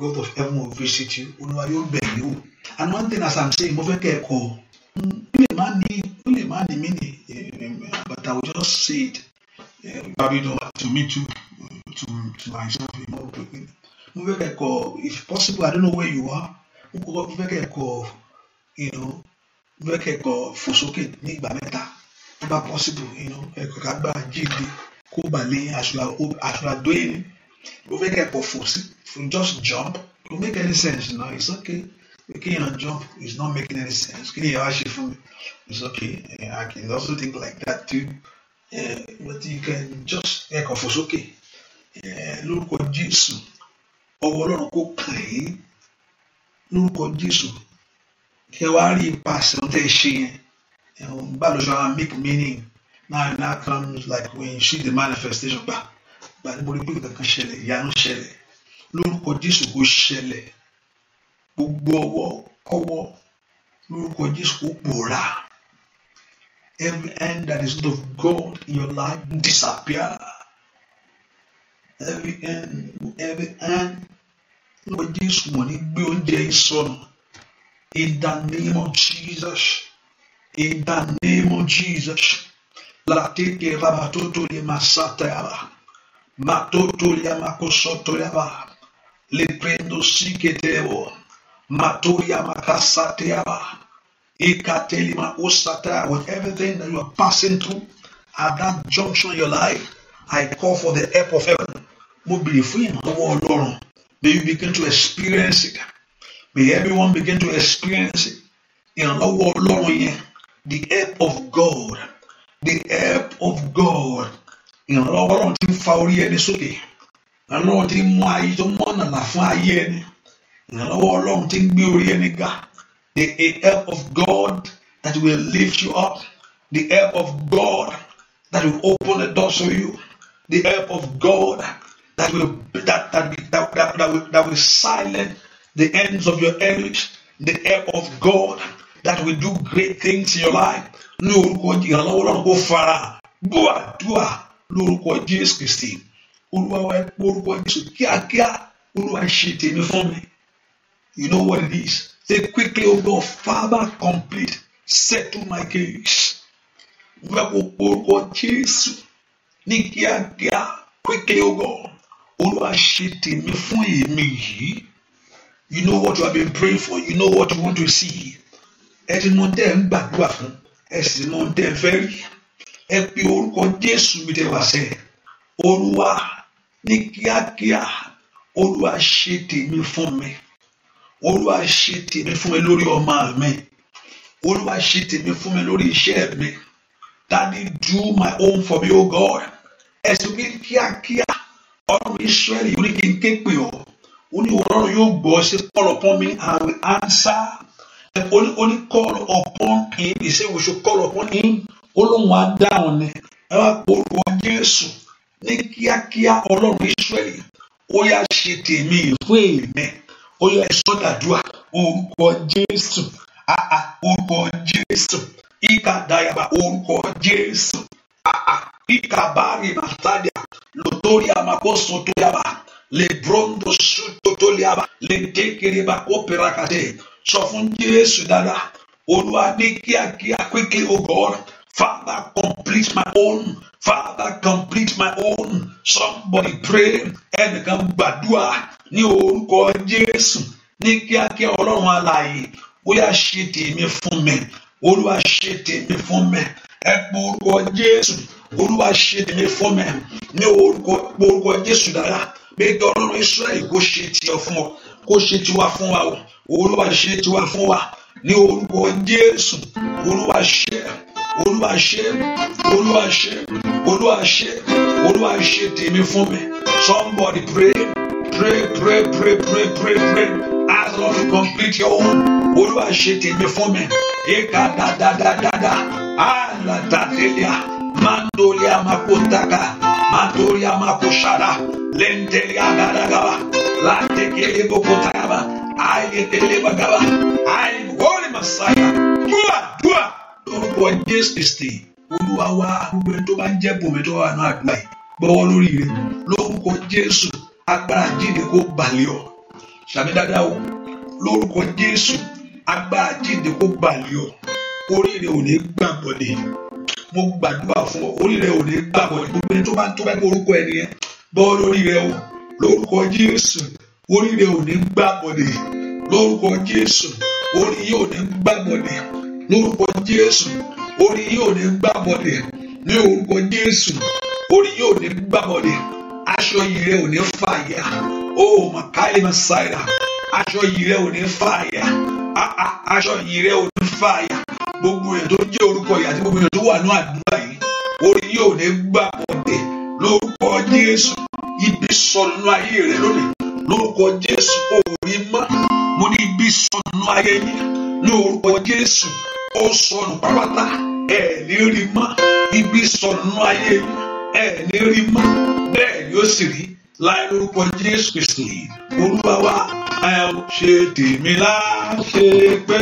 God of heaven will visit you olúwa yóò bẹ̀ yín wò and one thing as I'm saying mo fẹ́ kẹ́ ẹ̀kọ́ ó lè má ní ó lè má ní mí nì eh, but I will just say it uh, probably to me too to to myself. You know, mo if possible I don't know where you are mo kọ́kọ́ mo fẹ́ you know mo fẹ́ kẹ́kọ̀ọ́ fòsókè ní ìgbà mẹ́ta possible you know ẹ̀kọ́ ká gbà jíde kó bà lé àṣùlàdó ẹni mo fẹ́ kẹ́kọ̀ọ́ fòsí just jump it will make any sense you know it's okay kéèyàn jump is not making any sense Can you ask fún mi it's okay I can also think like that too uh, but you can just ẹ̀kọ́ Look eh, lórúkọ Jesus ọwọ́ ọlọ́run kó kàn yín lórúkọ jésù kẹ wá rí ipasẹ̀ ohun tẹ́ ẹ ṣe yẹn bá lọ ṣe àwọn make meaning now it now comes like when you see the manifestation gbà gbà ní mo rí ṣẹlẹ̀ ìyanu ṣẹlẹ̀ lórúkọ jésù kó ṣẹlẹ̀ gbogbo ọwọ́ kọ́wọ́ lórúkọ jésù kó pòórá every end that is not of God in your life disappear every end, every end. Lord Jésù wọ́n ní gbé oúnjẹ In the name of Jesus. In the name of Jesus. Látìkè rábà tó tó lè máa sátẹ̀yàrá. Má tó tó Le prendo sí kẹtẹ́wọ̀. Má tó yà máa ká whatever thing that you are passing through at that junction in your life, I call for the help of heaven. Mo bèrè fún ìrànlọ́wọ́ Ọlọ́run. May you begin to experience it. May everyone begin to experience it. Ìrànlọ́wọ́ Ọlọ́run yẹn, the help of God, the help of God. In Ọlọ́run ti ń fa orí ẹni sókè. Ìrànlọ́wọ́ Ọlọ́run ti ń mú ayé tó mú ọ̀nà fún ayé ẹni. Ìrànlọ́wọ́ ga. The help of God that will lift you up. The help of God that will open the doors for you. The help of God that will that that that, that, that, will, that will silence the ends of your enemies, the air of God that will do great things in your life. Ní orúkọ ìrànlọ́wọ́ Ọlọ́run kò fara gbọ́ àdúrà lórúkọ Jésù Kristi. Olúwa wa orúkọ Jésù kíákíá Olúwa ṣe tèmi fún mi. You know what it is. Say quickly, O oh God, Father, complete, settle my case. Wẹ́pọ̀ orúkọ Jésù ní kíákíá quickly, O oh God olúwa ṣe tèmi fún èmi yìí you know what you have been praying for you know what you want to see ẹ ti mọ tẹ́ ẹ ń gbàdúrà fún ẹ sì mọ tẹ́ ẹ fẹ́ rí ẹ pe orúkọ jésù mi tẹ́ wá sẹ́ olúwa ní kíákíá olúwa ṣe tèmi fún mi olúwa ṣe tèmi fún mi lórí ọmọ mi olúwa ṣe tèmi fún mi lórí iṣẹ́ mi daddy do my own for me o oh God ẹ sì ní kíákíá ọlọ́run Ísírẹ́lì ó ní kí n ké pè ọ́ ó ní ọlọ́run yóò gbọ́ ṣe call upon me and will answer ó ní ó ní call upon him he say we should call upon him ó lóun á dáhùn ni ẹ wá polówó Jésù ní kíákíá ọlọ́run Ísírẹ́lì ó yá ṣe tèmi fún èmi ó yá sọ́dàdúà orúkọ Jésù àà ah, ah, orúkọ Jésù ìkàdáyàbá orúkọ Jésù àà ah, ikabari bastadia lotoria makoso toyaba lebrondo suto toliaba lentekere bakopera kate sọ fún jésù dada olúwa ní kíákíá quickly o god father complete my own father complete my own somebody pray ẹnìkan gbàdúrà ní orúkọ jésù ní kíákíá ọlọ́run alààyè bóyá ṣe tèmi fún mi olúwa ṣe tèmi fún mi ẹ pé orúkọ Jésù olúwa ṣe tèmi fún mi ní orúkọ Jésù dára pé kí ọlọ́run Ísírẹ́lì kó Ti tiẹ̀ fún ọ kó ṣe tiwa fún wa o olúwa ṣe tiwa fún wa ní orúkọ Jésù olúwa ṣe olúwa ṣe olúwa ṣe olúwa ṣe olúwa ṣe tèmi fún mi somebody pray pray pray pray pray pray pray as long as you complete your own olúwa ṣe tèmi fún mi ikadadadadada alatatelia mandolia makotaka mandolia makoshara lentelia garagaba latekelebokotagaba ayetelebagaba ayiwọle masaya dua dua lórúkọ jésù kristi olúwa wa gbogbo ẹni tó bá ń jẹ bòmí tó wà ní àdúrà yìí gbọ́wọ́ lórí rẹ lórúkọ jésù agbára jíde kó balẹ̀ ọ sàmì dáadáa o lórúkọ jésù agbára jíǹde kó balẹ̀ ọ oríire ò ní gbàbọ̀dé mo gbàdúrà fún ọ oríire ò ní gbàbọ̀dé gbogbo ẹni tó bá tó bá gbé orúkọ ẹni yẹn bọ́ lórí rẹ o lórúkọ Jésù oríire ò ní gbàbọ̀dé lórúkọ Jésù orí yìí ò ní gbàbọ̀dé lórúkọ Jésù orí yìí ò ní gbàbọ̀dé ní orúkọ Jésù orí yìí ò ní gbàbọ̀dé aṣọ yìí rẹ ò ní fàyà ó mà káyé mà sáyà aṣọ yìí rẹ ò ní fàyà aṣọ yìí rẹ ò ní fàyà gbogbo èèyàn tó jẹ́ orúkọ yìí àti gbogbo èèyàn tó wà ní àdúrà yìí orí yóò ní gbà bọ̀dẹ̀ lórúkọ Jésù ibi sọnù ayé rẹ lónìí lórúkọ Jésù òòrí mọ́ mo ní ibi sọnù ayé yìí lórúkọ Jésù ó sọnù pàápàá ẹ̀ ní rí mọ́ ibi sọnù ayé ẹ̀ ní rí mọ́ bẹ́ẹ̀ ni ó sì rí láì lórúkọ Jésù Kristi olúwa wa ẹ ṣe tèmi láṣepé.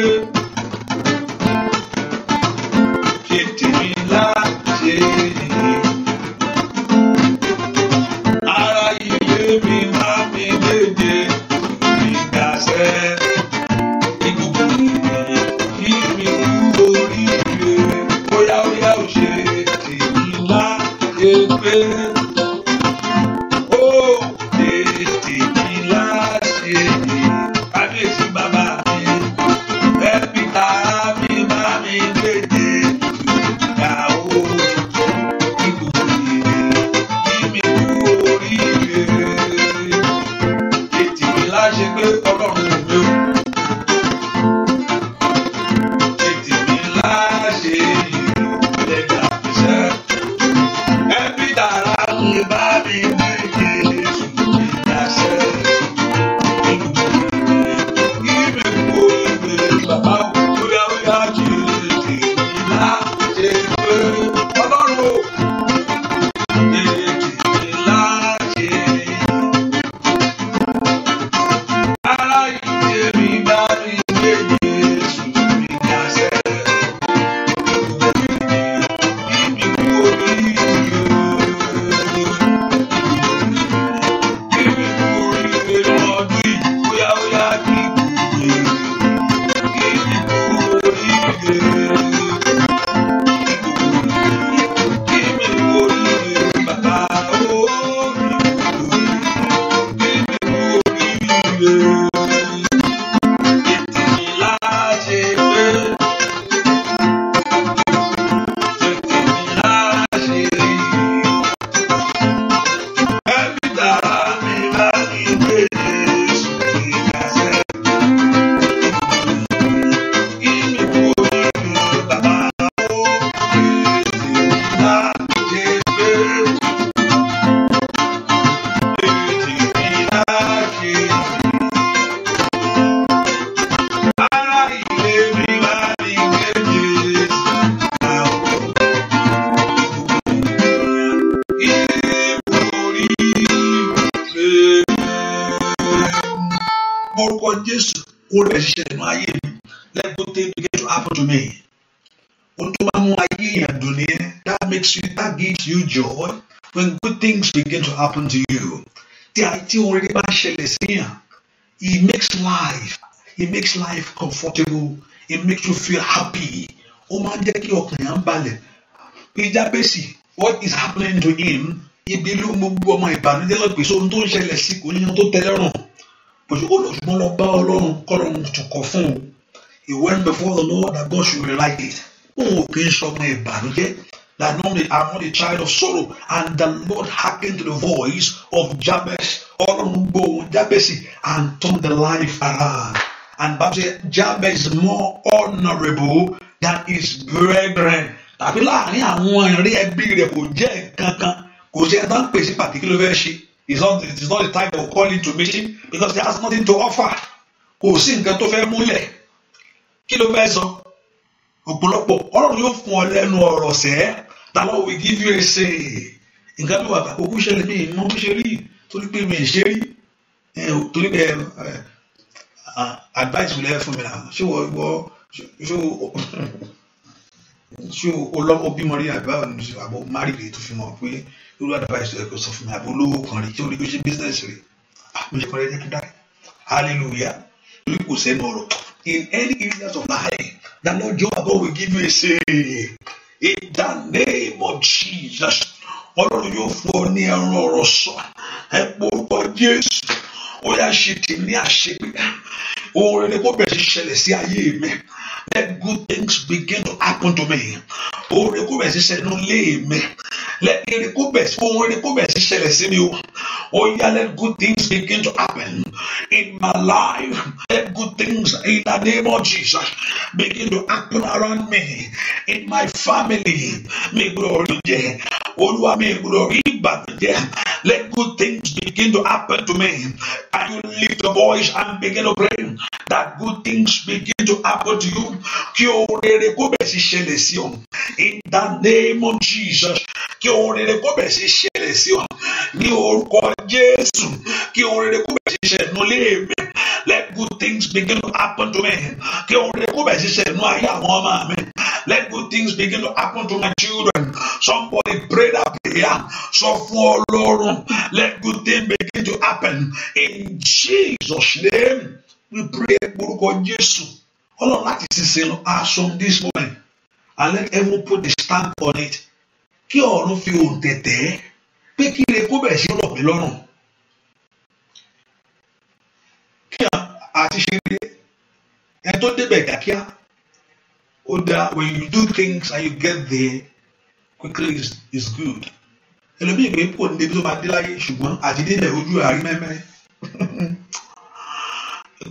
kó rẹ̀ ṣiṣẹ́ nínú ayé mi let good things begin to happen to me. ohun tó bá mú ayé èèyàn dùn nìyẹn that makes you that gives you joy when good things begin to happen to you. tí a ti ohun rere bá ṣẹlẹ̀ síyàn he makes life he makes life comfortable he makes you feel happy ó máa ń jẹ́ kí ọkàn yẹn balẹ̀ ìjábẹ̀sì what is happening to him ibi ló mú gbogbo ọmọ ìbànújẹ́ lọ́gbẹ̀ẹ́ sóhun tó ń ṣẹlẹ̀ sí kò níyan tó tẹ́lẹ̀ rùn ṣùgbọ́n lọ bá ọlọ́run kọ́lọ́run tó kọ fún o he went before the Lord that God should realize it òun ò kì í ṣọmọ ìbànújẹ́ that normally I'm not a child of sorrow and the Lord hearkened to the voice of Jabez ọlọ́run gbọ́ ohùn Jábẹ́sì and turned the life around and Bible say Jabez is more honourable than his brethren tàbí láàrin àwọn ìrìn ẹbí rẹ̀ kò jẹ́ nǹkan kan kò sí ẹ̀ tán pèsè pàtàkì ló fẹ́ ṣe it's not it is not the time of calling to meeting because he has nothing to offer kò sí nǹkan tó fẹ́ múlẹ̀ kí ló fẹ́ sọ ọ̀pọ̀lọpọ̀ ọlọ́run yóò fún ọ lẹ́nu ọ̀rọ̀ sẹ́ that Lord will give you a say nǹkan bí wà àkókò ṣẹlẹ̀ mi ìmọ̀ bí ṣe rí torí pé mi ṣe rí torí pé advice wulẹ̀ fún mi náà ṣé wọ́n gbọ́ ṣé ṣé o lọ́mọ bímọ rí àbí báwo ni mo ṣe àbọ̀ márìlè tó fi mọ̀ pé lórí advice rẹ sọ fún mi àbí kan rí tí ó rí kó ṣe business rẹ àbí ah, ṣe kọ́lẹ́ jẹ́ hallelujah lórí kò sẹ́nu ọ̀rọ̀ in any areas of life that Lord Jehovah God will give you a say in the name of Jesus ọlọ́run yóò fún ọ ní ẹran ọ̀rọ̀ sọ ẹ porúkọ Jésù ó yà ṣe tì ní àṣepé ohun rere kó bẹ̀rẹ̀ sí ṣẹlẹ̀ sí ayé mi let good things begin to happen to me oore kó bẹ̀ sí ṣẹlẹ̀ nínú ilé mi lẹ́yìn kó bẹ̀ sí ohun rere kó bẹ̀ sí sí mi o Oh, yeah, let good things begin to happen in my life. Let good things in the name of Jesus begin to happen around me, in my family. May glory there. Olúwa mi gbọ́dọ̀ Let good things begin to happen to me. Can you lift your voice and begin to pray that good things begin to happen to you? In the name of Jesus, kí oore kó bẹ̀ sí ṣẹlẹ̀ sí ọ. Ní Jésù kí ohun rere kó bẹ̀rẹ̀ ṣiṣẹ́ nù let good things begin to happen to me kí ohun rere kó bẹ̀rẹ̀ ṣiṣẹ́ ayé àwọn ọmọ mi let good things begin to happen to my children somebody pray that prayer sọ fún Ọlọ́run let good things begin to happen in Jesus name we pray orúkọ Jésù Ọlọ́run láti ṣiṣẹ́ lọ aṣọ this morning and let everyone put the stamp on it kí ọ̀run fi òǹtẹ̀tẹ̀ pé kí ire kó bẹ̀rẹ̀ sí rọ̀ mí lọ́rùn kí àti ṣe rí ẹni tó débẹ̀ kíákíá ó dá when you do things and you get there quickly is, is good ẹlòmíì pé kò ní débi tó máa dé láyé ṣùgbọ́n àti débẹ̀ ojú àárí mẹ́mẹ́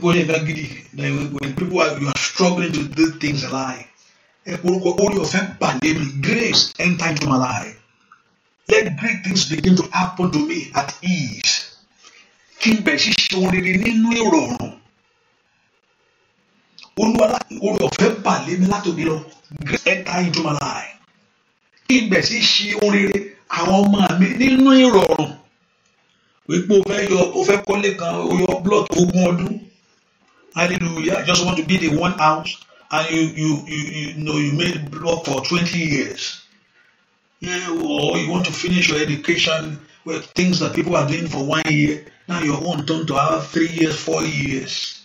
kò ní nǹkan gidi when people are you are struggling to do things alive ẹ orúkọ orí ọ̀fẹ́ pàdé mi grace enter into my life. Let great things begin to happen to me at ease. Kí n bẹ̀ ṣíṣe ohun rere nínú ìrọ̀rùn. Olúwa orí ọ̀fẹ́ bà lé mi látòmí lọ. Grace enter into my life. Kí n bẹ̀ ṣíṣe ohun rere àwọn ọmọ mi nínú ìrọ̀rùn. Wípé o fẹ́ yọ o fẹ́ kọ́lé kan o yọ blọọ̀kì ogún ọdún. Hallelujah! I just want to be the one house and you you you you know you made blood for twenty years. Yeah, or you want to finish your education with things that people are doing for one year. Now your own turn to have three years, four years.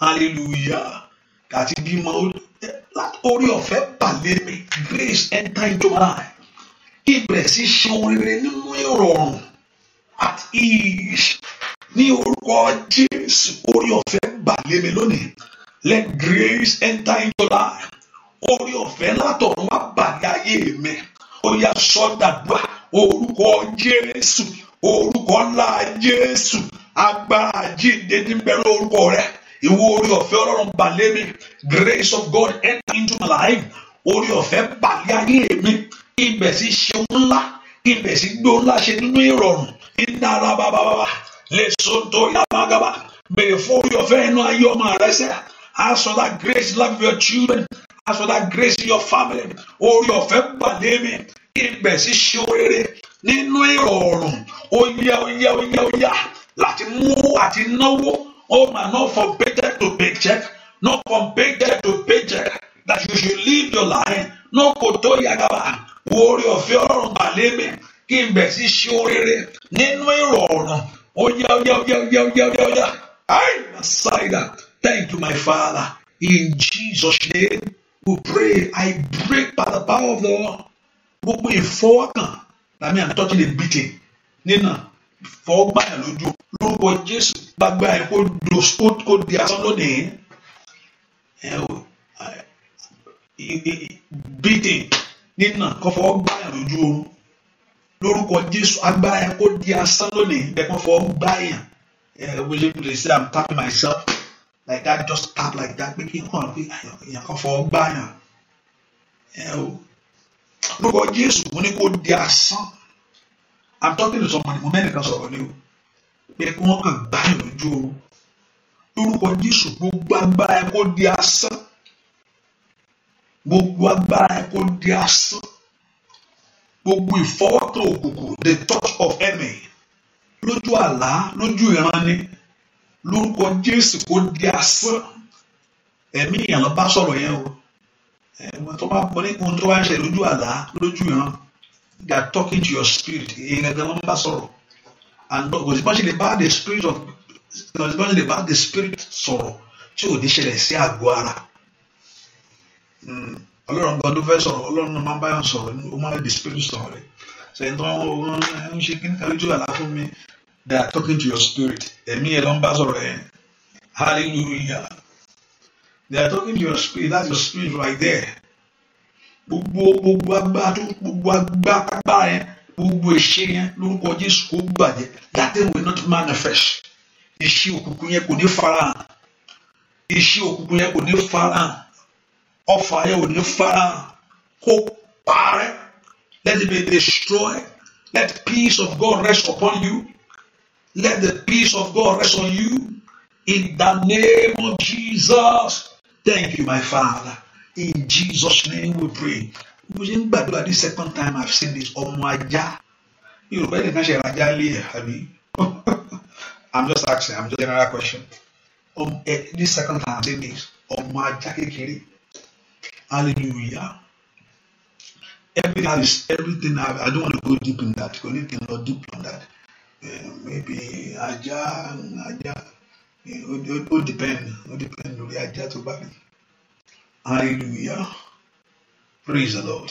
Hallelujah. That Àti bímọ orí ọ̀fẹ́ pàlẹ́ mi grace enter into my life. He blesses sí ṣan rere nínú wrong at ease ní orúkọ Jésù orí ọ̀fẹ́ gbàlẹ́ mi Let grace enter into life. Orí ọ̀fẹ́ látọ̀run wá gbàlẹ́ ayé Amen ó yá sọ́dàdúrà orúkọ jésù orúkọ ńlá jésù agbára jíǹde níbẹ̀rẹ̀ orúkọ rẹ ìwọ orí ọ̀fẹ́ ọlọ́run balẹ̀ mi grace of God enter into my life orí ọ̀fẹ́ balẹ̀ ayé mi ibẹ̀ sì ṣeun ńlá ibẹ̀ sì gbé ńlá ṣe nínú ìrọ̀rùn iná ara bàbàbà lè so tó yàgbàgàbà bèè fún orí ọ̀fẹ́ inú ayé ọmọ rẹ sẹ́ I saw that grace love your children As for that grace in your family, orí ọ̀fẹ́ pàdé mi, ibẹ̀ sì ṣe oríire nínú ìrọ̀rùn, oyá oyá oyá oyá láti mú àti náwó. Oh man, not from paycheck to paycheck, not from paycheck to paycheck, that you should live your life. no kò tó yàgàbà, orí ọ̀fẹ́ ọ̀run pàdé mi, kí n bẹ̀ sí ṣe oríire nínú ìrọ̀rùn oyá oyá oyá oyá oyá oyá oyá ay masaida thank you my father in Jesus name we pray, I break by the power of the Lord. Gbogbo ìfọwọ́kàn làmì àti tọ́jú lè bìtì nínà fọwọ́gbàyàn lójú lórúkọ Jésù gbàgbé do kó di asán lónìí. Bìtì nínà kó fọwọ́gbàyàn lójú oorun lórúkọ Jésù agbára ẹ̀ kó di asán lónìí bẹ́ẹ̀ kó fọwọ́gbàyàn. Uh, will you please say I'm tapping myself? like that just tap like that pé kí n kàn pé èèyàn kan fọ ọgbà yàn ẹ o lórúkọ Jésù mo ní kó di asán i'm talking to someone mo mẹ́nìkan sọ̀rọ̀ ni o pé kí wọ́n kàn gbá yàn lójú o lórúkọ Jésù gbogbo agbára ẹ kó di asán gbogbo agbára ẹ kó di asán gbogbo ìfọwọ́tò òkùnkùn the touch of enemy lójú àlá lójú ìran ni lórúkọ jésù kó di asán ẹ̀mí èèyàn lọ bá sọ̀rọ̀ yẹn o ẹ̀wọ̀n tó bá pọ̀ ní ohun tó bá ń ṣe lójú àlá lójú ìran they are talking to your spirit èèyàn gangan ló ń bá sọ̀rọ̀ and kò sí bọ́n ṣe lè bá the spirit of kò sí bọ́n ṣe lè bá the spirit sọ̀rọ̀ tí ò ní ṣẹlẹ̀ sí àgọ́ ara hmm. ọlọ́run gan ló fẹ́ sọ̀rọ̀ ọlọ́run máa ń bá yàn sọ̀rọ̀ ó máa ń the spirit sọ̀rọ̀ rẹ̀ ṣẹ̀yìn tó ń ṣe kí ní kàlójú àlá fún mi they are talking to your spirit hallelujah they are talking to your spirit that's your spirit right there gbogbo ìṣe yẹn lórúkọ Jésù kò bàjẹ́ that thing will not manifest ìṣe òkùnkùn yẹn kò ní farahàn ìṣe òkùnkùn yẹn kò ní farahàn ọfà yẹn ò ní farahàn kó parẹ́ let it be destroyed let peace of God rest upon you. Let the peace of God rest on you in the name of Jesus. Thank you, my Father. In Jesus' name we pray. Mo ṣe ń gbàdúrà this second time I've seen this ọmọ ajá. Yorùbá ẹ̀dẹ̀ kan ṣe rajá lé ẹ̀ I'm just asking, I'm just a question. Um, eh, this second time I've seen this ọmọ ajá kékeré. Hallelujah. Everything, everything I, I don't want to go deep in that. Kò ní kí deep on that. Eh, maybe ajá ajá eh, ó depend ó depend lórí ajá tó bá rí hallelujah praise the lord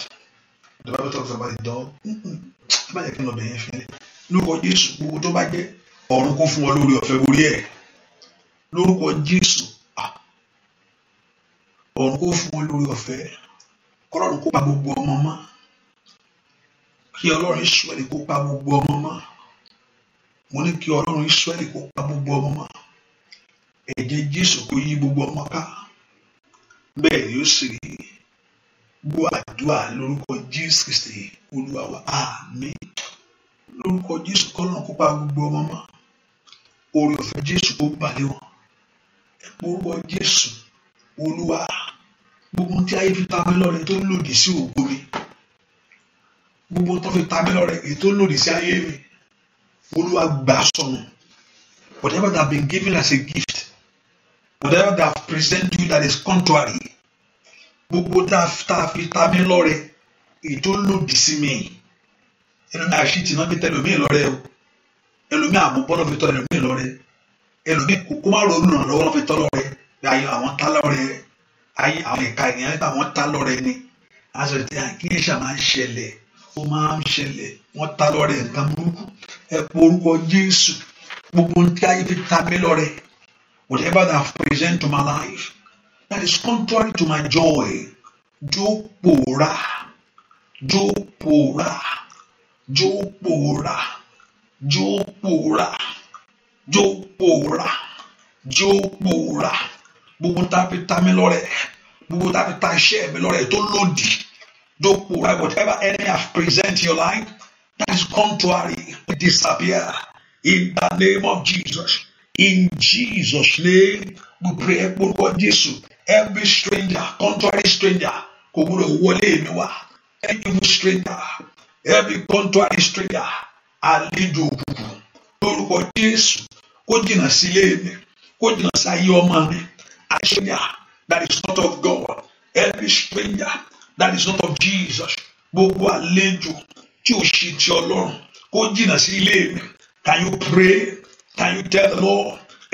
the bible talks about the dog ẹ má jẹ́ kí n lọ bẹ̀yẹn fẹ́lẹ́ lórúkọ jésù gbogbo tó bá jẹ́ ọ̀run kó fún ọ lórí ọ̀fẹ́ orí ẹ̀ lórúkọ jésù ah, ọ̀run kó fún ọ lórí ọ̀fẹ́ kọ́lọ́run kó pa gbogbo ọmọ mọ́ kí ọlọ́run ṣùgbọ́n kó pa gbogbo ọmọ mọ́ mo ní kí ọlọ́run Ísírẹ́lì kó pa gbogbo ọmọ mọ́ ẹ̀jẹ̀ Jésù kó yí gbogbo ọmọ ká bẹ́ẹ̀ ni ó sì rí gbọ́ àdúrà lórúkọ Jésù Kristi Olúwa wa àmín lórúkọ Jésù kọ́lọ́n kó pa gbogbo ọmọ mọ́ oore ọ̀fẹ́ Jésù kó balẹ̀ wọn orúkọ Jésù Olúwa gbogbo tí ayé fi ta mí lọ́rẹ tó lòdì sí ògo mi gbogbo tó fi ta mí lọ́rẹ èyí tó lòdì sí ayé mi olúwa gbà sọnù whatever that been given as a gift whatever that present you that is contrary gbogbo tá a fi ta mí lọ́rẹ èyí tó lòdì sí mi ẹnu náà ṣì tì náà fi tẹlòmíì lọ́rẹ o ẹlòmíì àmúbọ́ náà fi tọ́ ẹlòmíì lọ́rẹ ẹlòmíì kókó má ronú ìrànlọ́wọ́ fi tọ́ lọ́rẹ ayé àwọn tá lọ́rẹ ayé àwọn ìka ènìyàn nípa àwọn tá lọ́rẹ ni aṣọ ìtẹ́ àkíyèsà máa ń ṣẹlẹ̀ ó máa ń ṣẹlẹ̀ wọ́n tá lọ́rẹ nǹkan burúkú ẹ pọ orúkọ Jésù gbogbo ohun tí ayé fi ta mí lọ́rẹ whatever that present to my life that is contrary to my joy jó pòórá jó pòórá jó pòórá jó pòórá jó pòórá jó pòórá gbogbo ohun tí a fi ta mí lọ́rẹ gbogbo ohun tí a fi ta iṣẹ́ mi lọ́rẹ tó lòdì jó pòórá whatever enemy have present your life that is contrary disappear in the name of Jesus. In Jesus' name, we pray gbogbo Jesus, every stranger contrary stranger kò gbọdọ̀ wọlé mi every stranger every contrary stranger àlejò òkùnkùn lórúkọ Jésù kó jìnnà sí ilé mi kó jìnnà sí ayé ọmọ mi àṣeyà that is not of God every stranger that is not of Jesus gbogbo àlejò tí ò ṣe ti ọlọ́run kó jìnnà sí ilé mi can you pray can you tell the Lord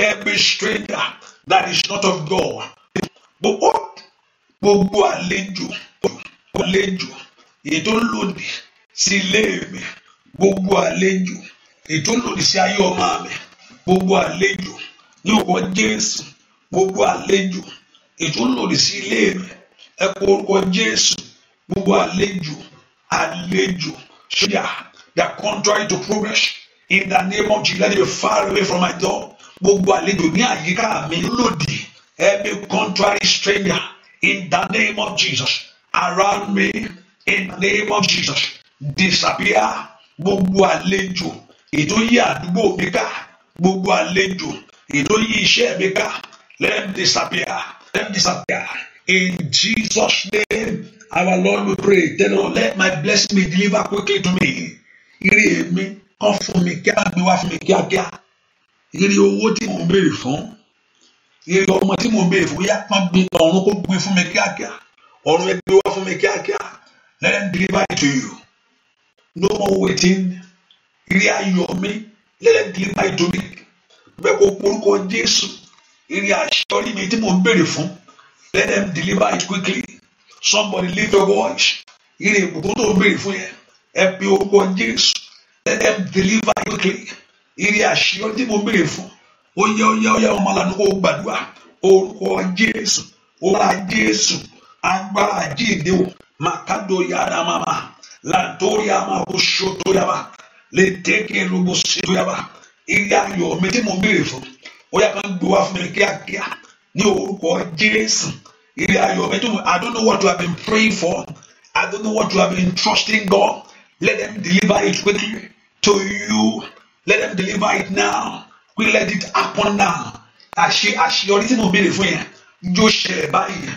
every stranger that is not of God gbogbo àlejò àlejò ètò lòdì sí ilé mi gbogbo àlejò ètò lòdì sí ayé ọmọ mi gbogbo àlejò ní ọwọ́ Jésù gbogbo àlejò ètò lòdì sí ilé mi ẹ kó orúkọ Jésù gbogbo àlejò àlejò Shia, they are contrary to progress. In the name of Jesus, let it be far away from my door. Gbogbo àlejò ní àyíká mi lòdì. Every contrary stranger in the name of Jesus around me in the name of Jesus disappear. Gbogbo àlejò ètò yí àdúgbò mi ká. Gbogbo àlejò ètò yí iṣẹ́ mi ká. Let them disappear. Let them disappear. In Jesus' name. Our Lord, we pray. Tell Lord, let my blessing be delivered quickly to me. Ire mi kàn fún mi kíá gbé wá fún mi kíákíá. Ire owó tí mò ń béèrè fún. Ire ọmọ tí mò ń béèrè fún yá pọ́n gbé ọ̀run kó gbé fún mi kíákíá. Ọ̀run ẹ gbé wá fún mi kíákíá. Let them deliver it to you. No more waiting. Ire ayọ̀ mi. Let them deliver it to me. Bẹ́ẹ̀ kó porúkọ Jésù. Ire àṣọrí mi tí mò ń béèrè fún. Let them deliver it quickly somebody lift your voice ire ìbùkún tó béèrè you. yẹn you pe orúkọ Jesus, let them deliver you quickly ire àṣeyọrí tí mo béèrè fún ó yẹ ó yẹ ó yẹ ọmọ lànà kó gbàdúrà orúkọ Jésù orúkọ Jésù agbára jíìde o màkàdó yàrá màmá làǹtórí àmà oṣù tó yàrá lè tẹ́kẹ̀ lóbo sí tó yàrá ire ayọ̀ mi tí mo béèrè fún ó yà kàn gbé wá fún mi kíákíá ní orúkọ Jésù. I don't know what you have been praying for. I don't know what you have been trusting God. Let them deliver it quickly to you. Let them deliver it now. We let it happen now. Àṣe àṣeyọrí tí mo béèrè fún yẹn yóò ṣẹlẹ̀ báyìí.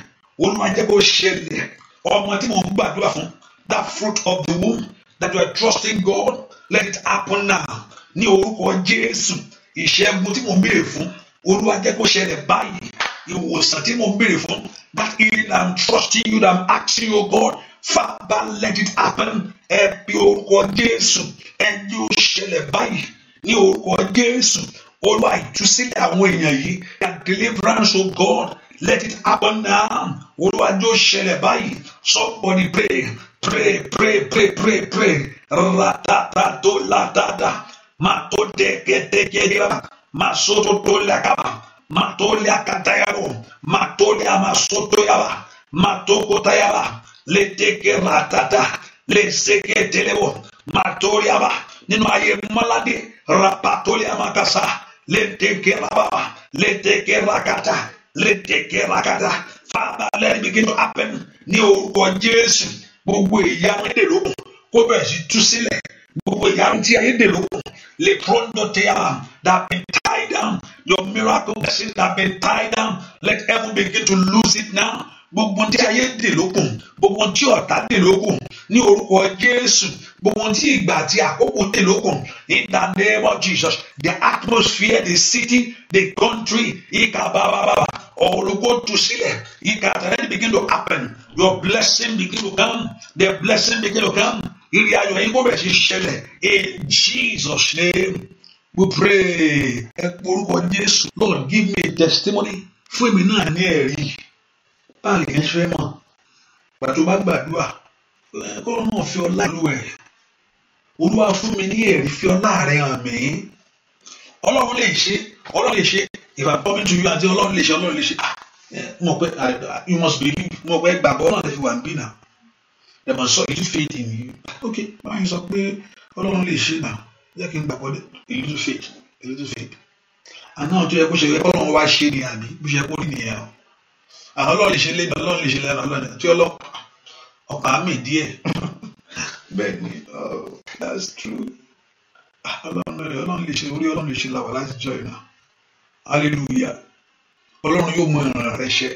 Olúwa jẹ́ kó ṣẹlẹ̀. Ọmọ tí mo ń gbàdúrà fún that fruit of the womb that you are trusting God let it happen now. Ní orúkọ Jésù ìṣẹ́gun tí mo béèrè fún Olúwa jẹ́ kó ṣẹlẹ̀ báyìí ìwòsàn tí mo ń béèrè fún that healing I'm trusting you that I'm asking you God Father let it happen ẹ bí orúkọ Jésù ẹ ní ó ṣẹlẹ̀ báyìí ní orúkọ Jésù olúwa ìtúsílẹ̀ àwọn èèyàn yìí that deliverance of God let it happen now olúwa ní ó ṣẹlẹ̀ báyìí somebody pray pray pray pray pray pray ratatatolatata matodegedegedeba masototo lakaba matolia katayago matolia masotoyaba matokotayaba leteke ratata leseke telebo matoliaba nínú ayé mọ́ládé rapatolia makasa leteke rababa leteke rakata leteke rakata Father let it begin to happen Ni orúkọ Jésù gbogbo ìyá wọn dèrò kó si sí tú sílẹ̀ gbogbo ìyá wọn le ayé te lè da that been down your miracle blessing that been tied down let heaven begin to lose it now gbogbo tí ayé dè lókun gbogbo tí ọ̀tá dè lókun ní orúkọ Jésù gbogbo tí ìgbà àti àkókò dè lókun in the name of Jesus the atmosphere the city the country ìka bàbàbàbà orúkọ tú sílẹ̀ ìka àtàlẹ́ begin to happen your blessing begin to come the blessing begin to come ìrìn ayọ̀ yín kó bẹ̀ sí ṣẹlẹ̀ in Jesus name we pray ẹ porúkọ Jésù Lord give me a testimony fún èmi náà ní ẹ̀rí báàlì yẹn ṣe mọ̀ gbàtó bá gbàdúrà kọ́lọ́ náà fi ọlá ìlú ẹ̀ olúwa fún mi ní ẹ̀rí fi ọlá rẹ̀ hàn mí ọlọ́run lè ṣe ọlọ́run lè ṣe if I come to you àti ọlọ́run lè ṣe ọlọ́run lè ṣe ah eh, mo pe ah, ah, you must believe mo pe gbàgbọ́ ọlọ́run lè fi wà ń bì náà dem must you faith in you ah, okay báyìí sọ pé ọlọ́run lè ṣe náà jẹ́ kí n gbàgbọ́ a little faith a little faith àná ọjọ́ yẹ kó ṣe kọ́ lọ́wọ́ wá ṣe nìyẹn àbí bí ṣe kó rí nìyẹn o àwọn ọlọ́run lè ṣe lẹ́nu ọlọ́run lè ṣe lẹ́nu ọlọ́run tí ọlọ́pàá ọ̀pá mi díẹ̀ bẹ́ẹ̀ oh, that's true ọlọ́run rẹ̀ ọlọ́run lè ṣe orí ọlọ́run lè ṣe làwà láti jọ ìná hallelujah ọlọ́run yóò mọ ìrìn rẹ̀ ṣe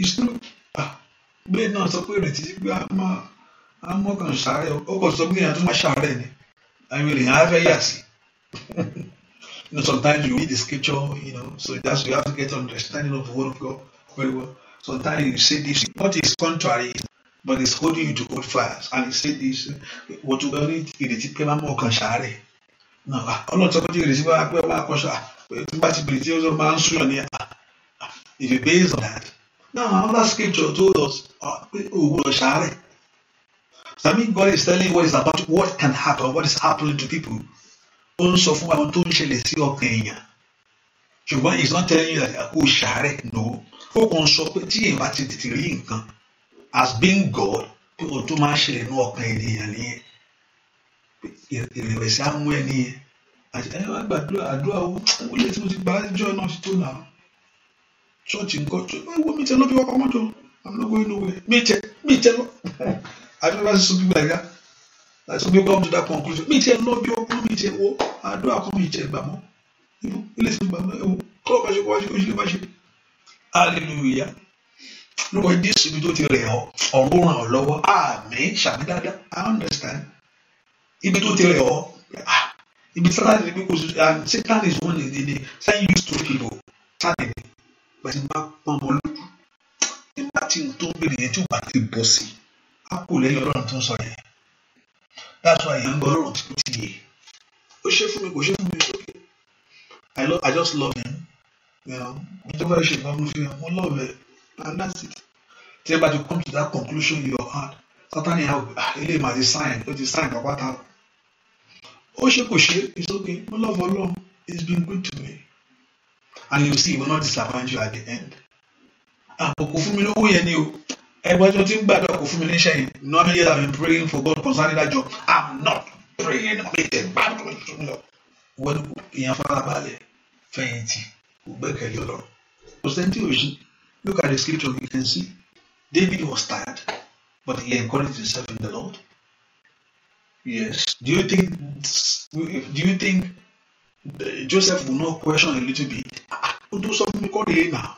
it's ah, náà sọ pé ìrètí gbé àmọ́ àmọ́ kan ṣàárẹ̀ ó sọ pé ìyàn tó má ni. I èèyàn á fẹ́ yà You know, sometimes you read the scripture, you know, so that's you have to get understanding of the word of God very well. Sometimes you say this, what is contrary, but it's holding you to hold fast. And you say this, what you got it, ìrètí pé máa mú ọkàn ṣàárẹ̀. Ọlọ́run sọ pé ìrètí pé máa mú ọkàn ṣàárẹ̀. Nígbà tí ìrètí ó máa ń súyàn If you base on that. Now, another scripture told us, òwúrọ̀ ah, ṣàárẹ̀. I mean God is telling what is about what can happen what is happening to people ó ń sọ fún wa tó ń ṣẹlẹ̀ sí ọkàn èèyàn ṣùgbọ́n he is not telling you that kò ṣàárẹ̀ no ó kàn sọ pé tí èèyàn bá ti tètè rí nǹkan as being God pé ohun tó máa ṣẹlẹ̀ ní ọkàn ènìyàn nìyẹn ìrẹ̀wẹ̀sì á mú ẹni àti ẹni wàá gbàdúrà àdúrà owó owó ilé tí ti gba ẹjọ́ náà ti tó náà ṣọ́ọ̀ṣì nǹkan tó ẹ wo mi tẹ lọ́bí wọ́pọ̀ mọ́tò I'm not going nowhere mi tẹ mi tẹ lọ. I don't àdúrà sísun gbígbà ẹ̀yà láti Some people come to that conclusion mi tiẹ̀ lọ bí ọkùnrin mi tiẹ̀ wo àdúrà kọ́ mi tiẹ̀ gbà mọ́ ilé ìsìn gbà mọ́ ẹ̀wọ̀ kọ́ ọ̀ ṣe kó wá ṣe kó hallelujah lóko jésù ibi tó ti rẹ̀ ọ́ ọ̀run ràn ọ́ lọ́wọ́ àmín ṣàmì dáadáa I understand ibi tó ti rẹ̀ ọ́ ibi sátani ni kò and satan is one in the satan use two people sátani ni bàtí bá pọ́n mọ́ lójú nígbà tí n tó ń bèrè yẹn tí ó bá ti bọ̀ sí i á kù lẹ́yìn ọlọ́run tó ń sọ yẹn that's why ìyá ń gbọ́ ọlọ́run tó ti yé ó ṣe fún mi kò ṣe fún mi sókè I love I just love him mo tó fẹ́ ṣe nǹkan mo fi mo love ẹ̀ and that's it tí ẹ bá ti come to that conclusion in your heart Sátánì á wò ilé ìmọ̀ àti sign ó ti sign kápá ta ó ṣe kò ṣe it's okay mo love ọlọ́run it's been good to me and you see he will not disappoint you at the end àpòkò fún mi lówó yẹn ni o ẹgbẹ́ tó ti ń gbàdúrà kò fún mi níṣẹ́ yìí normally years I've been praying for God concerning that job I'm not praying mi tẹ̀ gbàdúrà tó ń lọ. wọ́n ní ìyẹn farabalẹ̀ fẹ̀yìntì kò gbẹ́kẹ̀lé ọlọ́run kò sẹ́ńtì òjì look at the scripture you can see David was tired but he encouraged himself in the Lord. Yes. Do you think do you think Joseph will not question a little bit? Ah, do something call him now.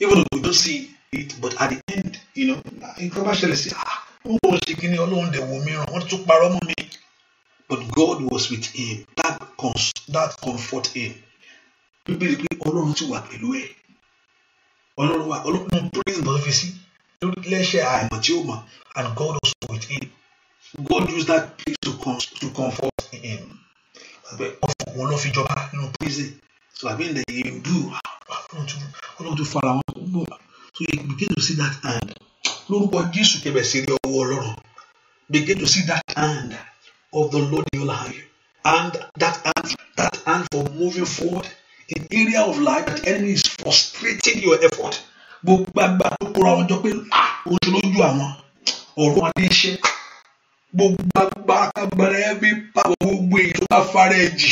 Even though we don't see it but at the end you know nǹkan bá ṣẹlẹ̀ sí ah n kò ṣe kí ni ọlọ́run dẹ̀ wò mí ràn wọ́n tún parọ́ mọ́ mi but God was with him that cons that comfort him bíbélì pé ọlọ́run ti wà pẹ̀lú ẹ̀ ọlọ́run wà ọlọ́run praise lọ́ọ́ fi sí lẹ́sẹ̀ àìmọ̀ tí ó mọ̀ and God was with him God used that place to, con to comfort him ọ̀fọ̀ wọn ló fi jọba nínú prison so àbí ǹdẹ̀ yìí dùn ọlọ́run tó fara wọn gbọ́. So begin to see that hand. Lórúkọ Jésù kẹ̀bẹ̀ sí rí ọwọ́ Ọlọ́run. Begin to see that hand of the Lord in your life. And that hand, that hand for moving forward in area of life that enemy is frustrating your effort. Gbogbo agbára tó kóra wọn jọ pé oṣù ah, lójú àwọn ọ̀rọ̀ adé iṣẹ́. Gbogbo agbára agbára ẹbí pàwọ̀ gbogbo èyí tó bá fara ẹ̀ jì.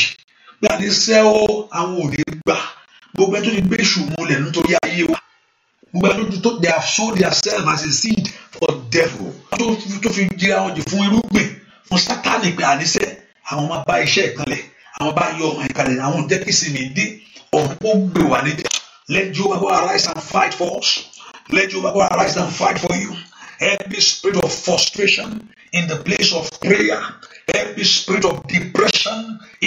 Gbàdísẹ́ o, àwọn ò ní gbà. Gbogbo ẹ tó ti gbé ìṣùmọ̀lẹ̀ nítorí ayé wa they have sold themselves as a seed for devil tó fi jẹ àwọn jù fún irúgbìn fún sátani pé àníṣe àwọn máa bá iṣẹ́ ìkànlẹ̀ àwọn bá yọ ọmọ ìkàlẹ̀ àwọn jẹ́ kí sinmi dé ọ̀hún ó gbè wá níjà let Jehovah arise and fight for us let Jehovah arise and fight for you every spirit of frustration in the place of prayer every spirit of depression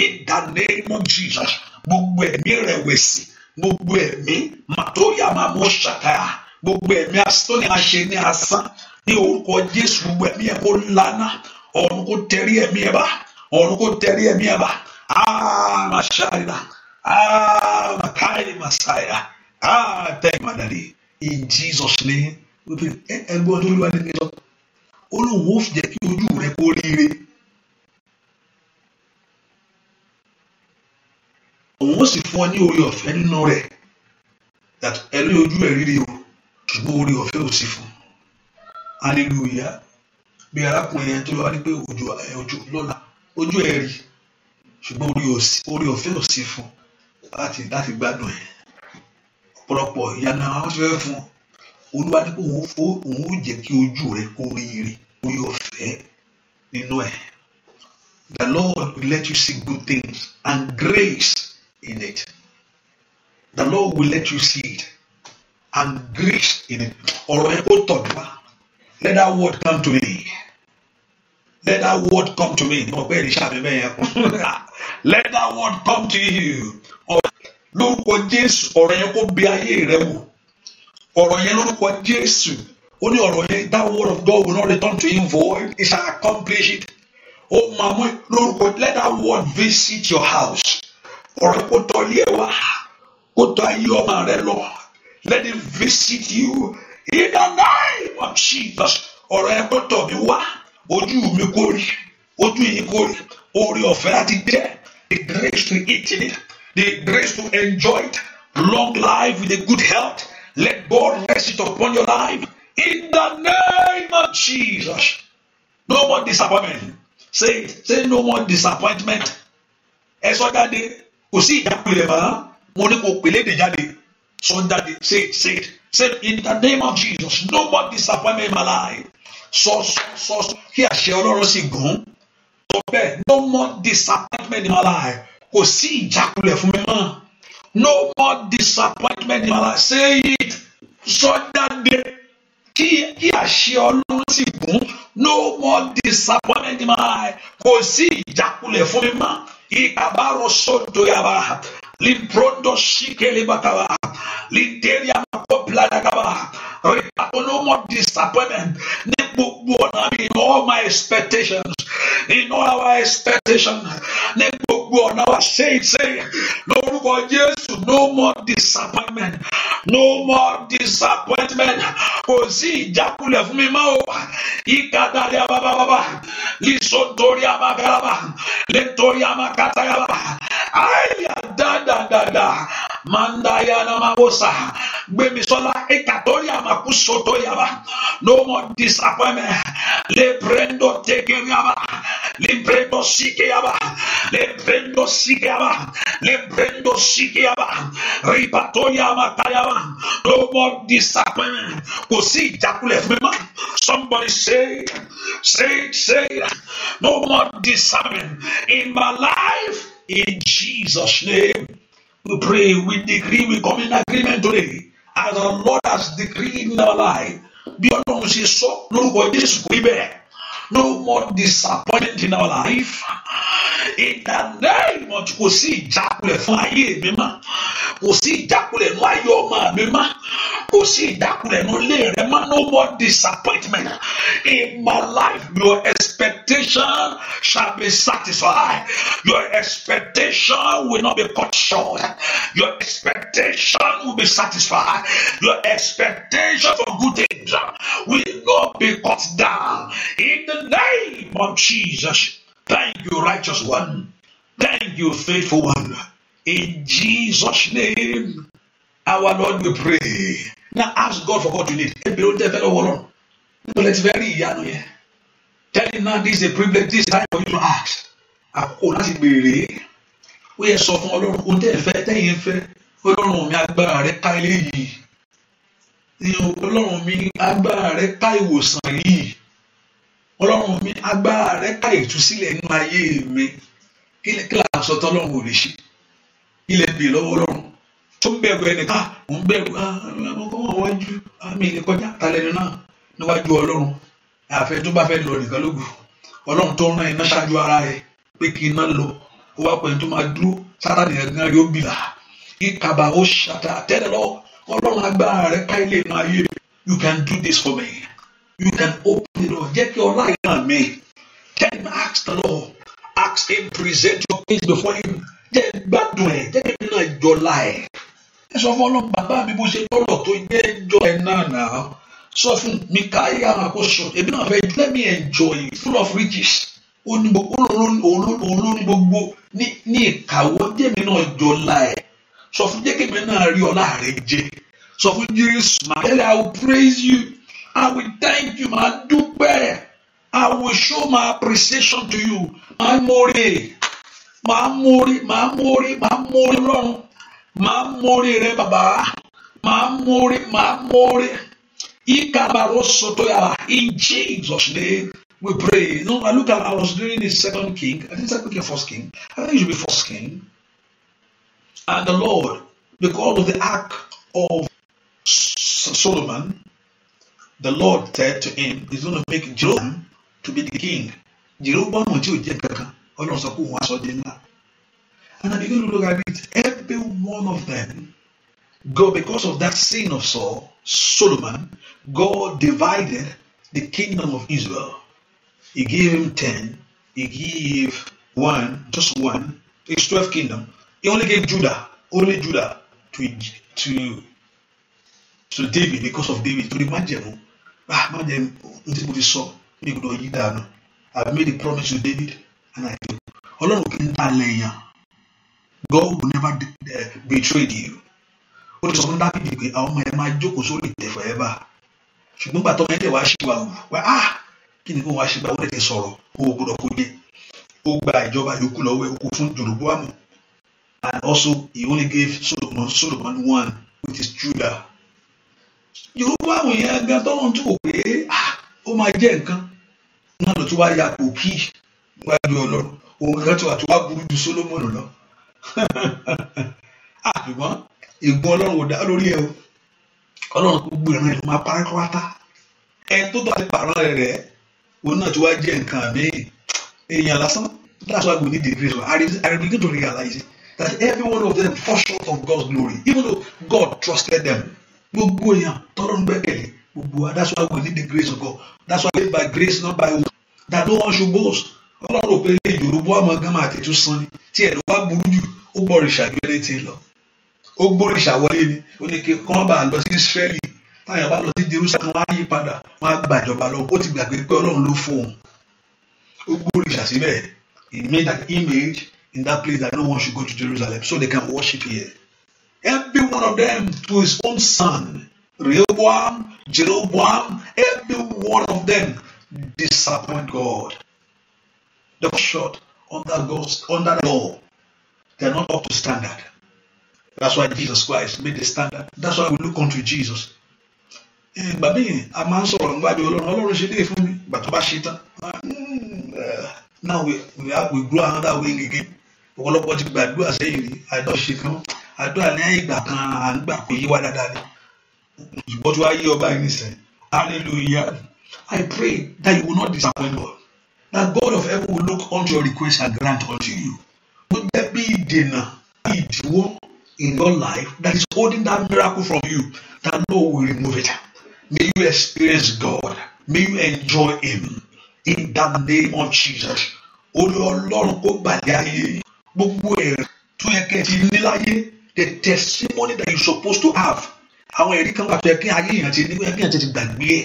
in the name of Jesus gbogbo ẹ̀mí rẹ̀ wẹ̀sì gbogbo ẹ̀mí màtóríà máa mọ ṣàkàyà gbogbo ẹ̀mí asán ni a ṣe ní asán ní orúkọ Jésù gbogbo ẹ̀mí ẹ̀ kó lana ọ̀run kó tẹ̀rí ẹ̀mí ẹ̀ bá ọ̀run kó tẹ̀rí ẹ̀mí ẹ̀ bá àmà ṣàrìnà àmà káyìí màsáyà àtẹ̀ ìmàdàdì in Jesus name ẹgbẹ́ ọdún olúwa ní mi lọ olóhùn ó fi jẹ́ kí ojú rẹ kó rí rí. òun ó sì fún ọ ní orí ọ̀fẹ́ nínú rẹ̀ yàtọ̀ ẹlú ojú ẹ̀ rírí o ṣùgbọ́n orí ọ̀fẹ́ ò sí fún aleluya bí arákùnrin yẹn tó lọ wá ní pé ojú ojú lọ́la ojú ẹ̀ rí ṣùgbọ́n orí ọ̀fẹ́ ò sí fún láti láti gbádùn ẹ̀ ọ̀pọ̀lọpọ̀ ìyanu àwọn ti fẹ́ fún olúwa ní pé òun ó òun ó jẹ́ kí ojú rẹ̀ kó rí ire orí ọ̀fẹ́ nínú ẹ̀ The Lord will let you see good things and grace in it. The Lord will let you see it and grace in it. Ọ̀rọ̀ ẹ kó Let that word come to me. Let that word come to me. Let that word come to you. Lórúkọ Jésù, ọ̀rọ̀ yẹn kó bí ayé rẹ wò. Ọ̀rọ̀ yẹn lórúkọ Jésù. Ó ní ọ̀rọ̀ yẹn that word of God will not return to him void. It shall accomplish it. Ó máa mú lórúkọ let that word visit your house ọ̀rọ̀ kó tọ́ ilé ẹ̀ wá kó tọ́ ayé ọmọ let him visit you in the name of Jesus Or I kó tọ̀ you, wá ojú mi kò rí ojú yìí kò rí orí ọ̀fẹ́ láti the grace to eat it the grace to enjoy it long life with a good health let God rest it upon your life in the name of Jesus no more disappointment say say no more disappointment As ẹ sọ jáde kò sí ìjákulẹ̀ mọ́ mo ní kò pèlè èdè jáde sọ jáde say say say in the name of Jesus nobody disappointment in my life sọ sọ sọ kí àṣẹ ọlọ́run sì gùn sọ bẹ́ẹ̀ no more disappointment in my life kò sí ìjákulẹ̀ fún mi mọ́ no more disappointment in my life say it sọ jáde kí kí àṣẹ ọlọ́run sì gùn no more disappointment in my life kò sí ìjákulẹ̀ fún mi mọ́ ikabaro soto yaba limprondo shike linteria makoplana kaba Rìpàtó ló mọ disappointment ní gbogbo in all my expectations in all our expectations ní gbogbo ọ̀nà wa ṣe ìṣe lórúkọ Jésù no more disappointment no more disappointment kò sí ìjákulẹ̀ fún mi mọ́ o ìkàdàdé abábábá lìṣó torí abagalaba lè torí amakatayaba àìyá dáadáa dáadáa. Mandaya Namabosa. Gbemisola Ekatoria Makusoto Yaba. No more disappointment. Leprendo Tekeriaba. Leprendo Sikiaba. Leprendo Sikiaba. Leprendo Sikiaba. Ripatoya Matayaba. No more disappointment. Kosi Jakule Fema. Somebody say, say, say, no more disappointment in my life in Jesus' name. We pray, we decree, we come in agreement today. As our Lord has decreed in our life. Bí Ọlọ́run ṣe sọ lórúkọ Jésù kò rí bẹ́ẹ̀ no more disappointment in our life in the name of kò sí ìjákulẹ̀ fún ayé mi mọ́ kò sí ìjákulẹ̀ nù ayé ọmọ mi mọ́ kò sí ìjákulẹ̀ nù ilé rẹ mọ́ no more disappointment in my life your expectation shall be satisfied your expectation will not be cut short your expectation will be satisfied your expectation for good things will not be cut down in the the name of Jesus. Thank you, righteous one. Thank you, faithful one. In Jesus' name, our Lord, we pray. Now ask God for what you need. Let's very young. Tell him now this is a privilege, this time for you to ask. Àkókò láti béèrè. Ó yẹ sọ fún Ọlọ́run, ohun tẹ́ ẹ fẹ́ tẹ́yìn fẹ́, Ọlọ́run mi agbára rẹ̀ ká eléyìí. Ọlọ́run mi agbára rẹ̀ ká ìwòsàn yìí ọlọ́run mi agbára rẹ ká ìtúsílẹ̀ inú ayé mi kí là sọ tọ́lọ́run ò lè ṣe ilẹ̀ bì lọ́wọ́ ọlọ́run tó ń bẹ̀rù ẹnìkan ah, mò ń bẹ̀rù ah, ọkọ̀ wájú ah, mi lè kọjá talẹ́nu náà níwájú ọlọ́run àfẹ tó bá fẹ́ lọ nìkan lógun ọlọ́run tó rán iná ṣáájú ara rẹ pé kí iná lọ ó wá pẹ̀lú tó máa dúró sára nìyẹn gan yóò bìlà ìkàbà ó ṣàtà tẹ́lẹ̀ lọ ọlọ́run agbára rẹ ká ilé inú ayé you can do this for me you can open the door. get your life. ìran mi. Tell ask the Lord. Ask him present your case before him. Then, gbádùn ẹ̀. it. Then you know it's Ẹ sọ So ọlọ́run long, Baba, bó ṣe lọ́rọ̀ tó jẹ́ jọ now, náà náà. Sọ fún mi káyà àkóso. Èmi náà fẹ́ let me enjoy full of riches. Olórí gbogbo ní ìkàwọ́ jẹ́mi náà jọlá ẹ̀. Sọ fún jẹ́ kí mi náà rí ọlá rẹ̀ jẹ. Sọ fún Jésù, my I will praise you. I will thank you, my dúpẹ́. I will show my appreciation to you. My mórè. my mórè. my mórè. my mórè long, my mórè rẹ bàbá. Màá mórè. Màá mórè. Ìkàbàrọ̀ sọ̀tọ̀ yàrá. In Jesus' name we pray. No, I look at I was doing the second king. I think second king, first king. I think it should be first king. And the Lord, because of the act of Solomon, the Lord said to him, He's going to make Jerusalem to be the king. Jeroboam tí ò jẹ́ And I begin to look at it, every one of them, God, because of that sin of Saul, Solomon, God divided the kingdom of Israel. He gave him ten, he gave one, just one, his twelve kingdom. He only gave Judah, only Judah to to to David because of David to the Majevu. ah má jẹ ohun tí mo ti sọ mi gbọ́dọ̀ yí dànù I made a promise to David and I do ọlọ́run kì í ta lẹ́yìn God will never betray you ó ti sọ fún Dáfídì pé àwọn ọmọ ẹ máa jókòó sórí ìtẹ́ forever ṣùgbọ́n gbàtọ́ ọmọ ẹ dẹ̀ wá ṣìwà wù wá ah kí ni kó wá ṣìwà ó lè sọ̀rọ̀ ó gbọ́dọ̀ kó dé ó gba ìjọba yòókù lọ́wọ́ ẹ̀ ó kó fún Jeroboamu and also he only gave Solomon Solomon one which is Judah yorùbá àwọn èèyàn gan tọ́lọ́n tó wò pé ó máa jẹ́ nǹkan náà ló tún wá ya kò kí wájú ọlọ́run òun kankan tó wà tó wá burú ju solomoni lọ àbíwọ́n ah, ègún ọlọ́run ò dá lórí ẹ o ọlọ́run gbogbo ìran ẹ̀ ló máa parẹ́ ẹ tó tọ́ àti pààrọ̀ rẹ̀ rẹ̀ òun náà tó wá jẹ́ nǹkan míì èèyàn lásán that's why we need the grace I, I begin to realize that every one of them fall short of God's glory even though God trusted them gbogbo èèyàn tọ́lọ́ ń gbẹ́kẹ̀lé gbogbo wa that's why we need the grace of God that's why we live by grace not by works that no one should boast ọlọ́run pé ilé ìjòròbó àmọ́ gánmà àtẹ̀tún san ni tí ẹ̀ ló wá burú jù ó gbọ́rọ̀ ìṣàjọ ẹni tí ń lọ ó gbọ́rọ̀ ìṣàwọlé ni ó ní kí kán bá lọ sí Ísírẹ́lì táyà bá lọ sí Jerusalem wọn á yí padà wọn á gba ìjọba lọ ó ti gbàgbé pé ọlọ́run ló fóun ó gbọ́rọ̀ ìṣàsíbẹ̀ he made an image in that place that no one should go to Jerusalem so they can worship here every one of them to his own son. Rehoboam, Jeroboam, every one of them disappoint God. They fall short under God's under the law. They are not up to standard. That's why Jesus Christ made the standard. That's why we look unto Jesus. Eh, ìgbà míì a máa ń sọ̀rọ̀ nígbà bí Ọlọ́run Ọlọ́run ṣe dé fún mi ìgbà tó bá ṣe tán. Eh, now we, we, we grow another wing again. Ọ̀pọ̀lọpọ̀ ti gbàdúrà sẹ́yìn rí àjọṣe kan àdúrà ní ìgbà kan à ń gbà pé yíwá dáadáa ni ìbọn tí wàá yí ọba yìí sẹ hallelujah I pray that you will not disappoint God that God of heaven will look unto your request and grant unto you would there be ìdènà ìdíwọ́ in your life that is holding that miracle from you that no will remove it may you experience God may you enjoy Him in the name of Jesus olú ọlọ́run kó bàjẹ́ ayé gbogbo ẹ̀rí tó yẹ kẹ́ ẹ ti ní láyé the testimony that you supposed to have àwọn ẹ̀rí kan wà tó yẹ kí ayé èèyàn ti ní kí èèyàn ti gbàgbé ẹ̀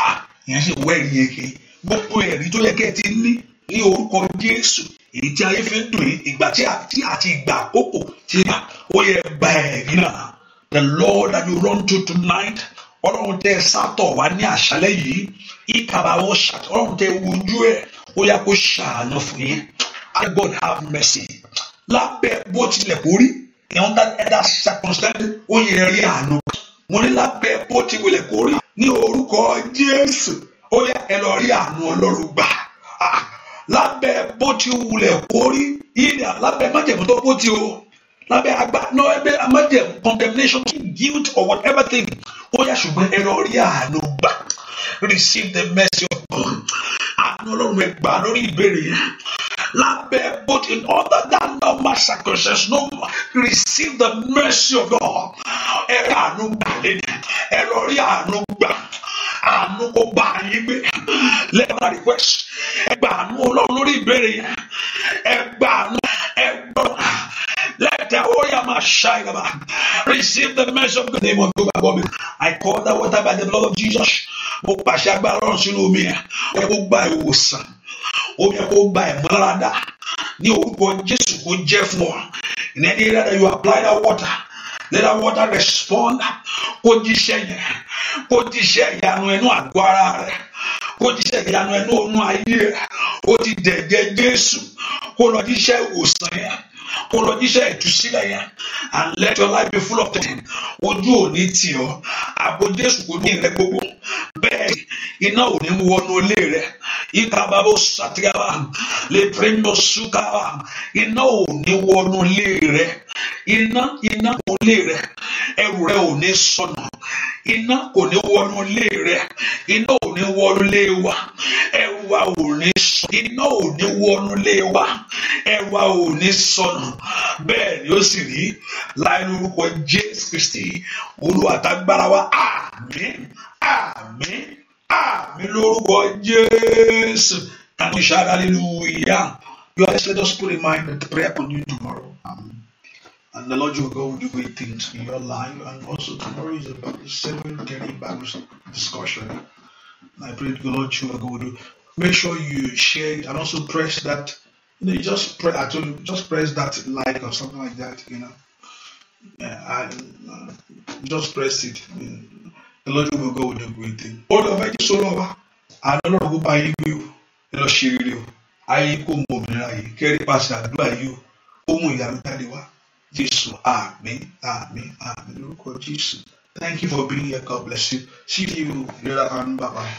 ah èèyàn sì wọ ẹ̀rí yẹn kiri gbogbo ẹ̀rí tó yẹ kí ẹ ti ní ní orúkọ Jésù èyí tí ayé fi ń dùn yín ìgbà tí àti àti ìgbà àkókò ti yà ó yẹ gba ẹ̀rí náà the Lord that you run to tonight ọlọ́run tẹ sátọ̀ wá ní àṣálẹ́ yìí ìkàrà ó ṣàtọ̀ ọlọ́run tẹ wojú ẹ̀ ó yá kó ṣàánú fún yín God have mercy lábẹ́ bó tilẹ̀ kórí ẹ̀hún ẹ̀dá circumstance ó yẹ rí àánú mo ní lábẹ́ bó ti wulẹ̀ kó rí ní orúkọ Jésù ó yẹ ẹ lọ rí àánú Ọlọ́run gbà lábẹ́ bó ti wulẹ̀ kó rí ilẹ̀ lábẹ́ májẹ̀mú tó bó ti o lábẹ́ agbá náà ẹgbẹ́ májẹ̀mú condemnation guilt or whatever thing ó yẹ ṣùgbọ́n ẹ lọ rí àánú gbà receive the mercy of God àánú Ọlọ́run ẹ gbà lórí ìbéèrè yẹn. Lambe, but in order that no man circumcision no receive the mercy of God. Ẹ ra àánú gbà lédè, ẹ lọ rí àánú gbà, àánú kó bá yín gbé. Let my request, ẹ gba àánú Ọlọ́run lórí ìbéèrè yẹn, ẹ gba àánú, ẹ gbọ́dọ̀. Let the Oyama Shaigaba receive the measure of the name of God above me. I call that water by the blood of Jesus. Mo pàṣẹ agbára ọ̀run sínú omi ẹ̀. Ẹ kó gba ìwòsàn ó yẹ kó gba ìmọ̀láradà ní orúkọ Jésù kó jẹ́ fún ọ in any area that you apply that water let that water respond kó jíṣẹ́ yẹn kó jíṣẹ́ ìyanu ẹnu àgọ́ ara rẹ kó jíṣẹ́ ìyanu ẹnu ọ̀nà ayé rẹ ó ti dẹ̀jẹ̀ Jésù kó lọ jíṣẹ́ ìwòsàn yẹn kó lọ jíṣẹ́ ìtúsílẹ̀ yẹn and let your life be full of them ojú ò ní tì ọ́ àbò Jésù kò ní ìrẹ́ gbogbo bẹ́ẹ̀ iná ò ní wọnú ilé rẹ ìkàbàbò sàtìyàbà lè pèrèmíọ sùkàbà iná ò ní wọnú ilé rẹ iná iná kò lè rẹ ẹrù rẹ ò ní sọnù iná kò ní wọnú ilé rẹ iná ò ní wọnú ilé wa ẹrù wa ò ní sọnù iná ò ní wọnú ilé wa ẹrù wa ò ní sọnù bẹ́ẹ̀ ni ó sì rí láì lórúkọ Jésù Kristi olùwàtàgbára wa àmín àmín. àmì Jesus, Jésù àwọn ìṣáájú hallelujah your eyes let us put in mind that prayer continue tomorrow and the Lord your God will do great things in your life and also tomorrow is about the seven thirty Bible discussion and I pray the Lord your God will do make sure you share it and also press that you know you just press I told you just press that like or something like that you know yeah, I, uh, just press it you know. the Lord will go will do great things. ó lọ fẹ́ jésù lọ́wọ́ àná ọlọ́run kó bá yín gbé o ẹ lọ ṣe rere o ayé kó mú òmìnira yìí kẹ́rí pàṣẹ àdúrà yìí o ó mú ìyanu jáde wá jésù àmín àmín àmín lórúkọ jésù thank you for being here God bless you see you later on bye bye.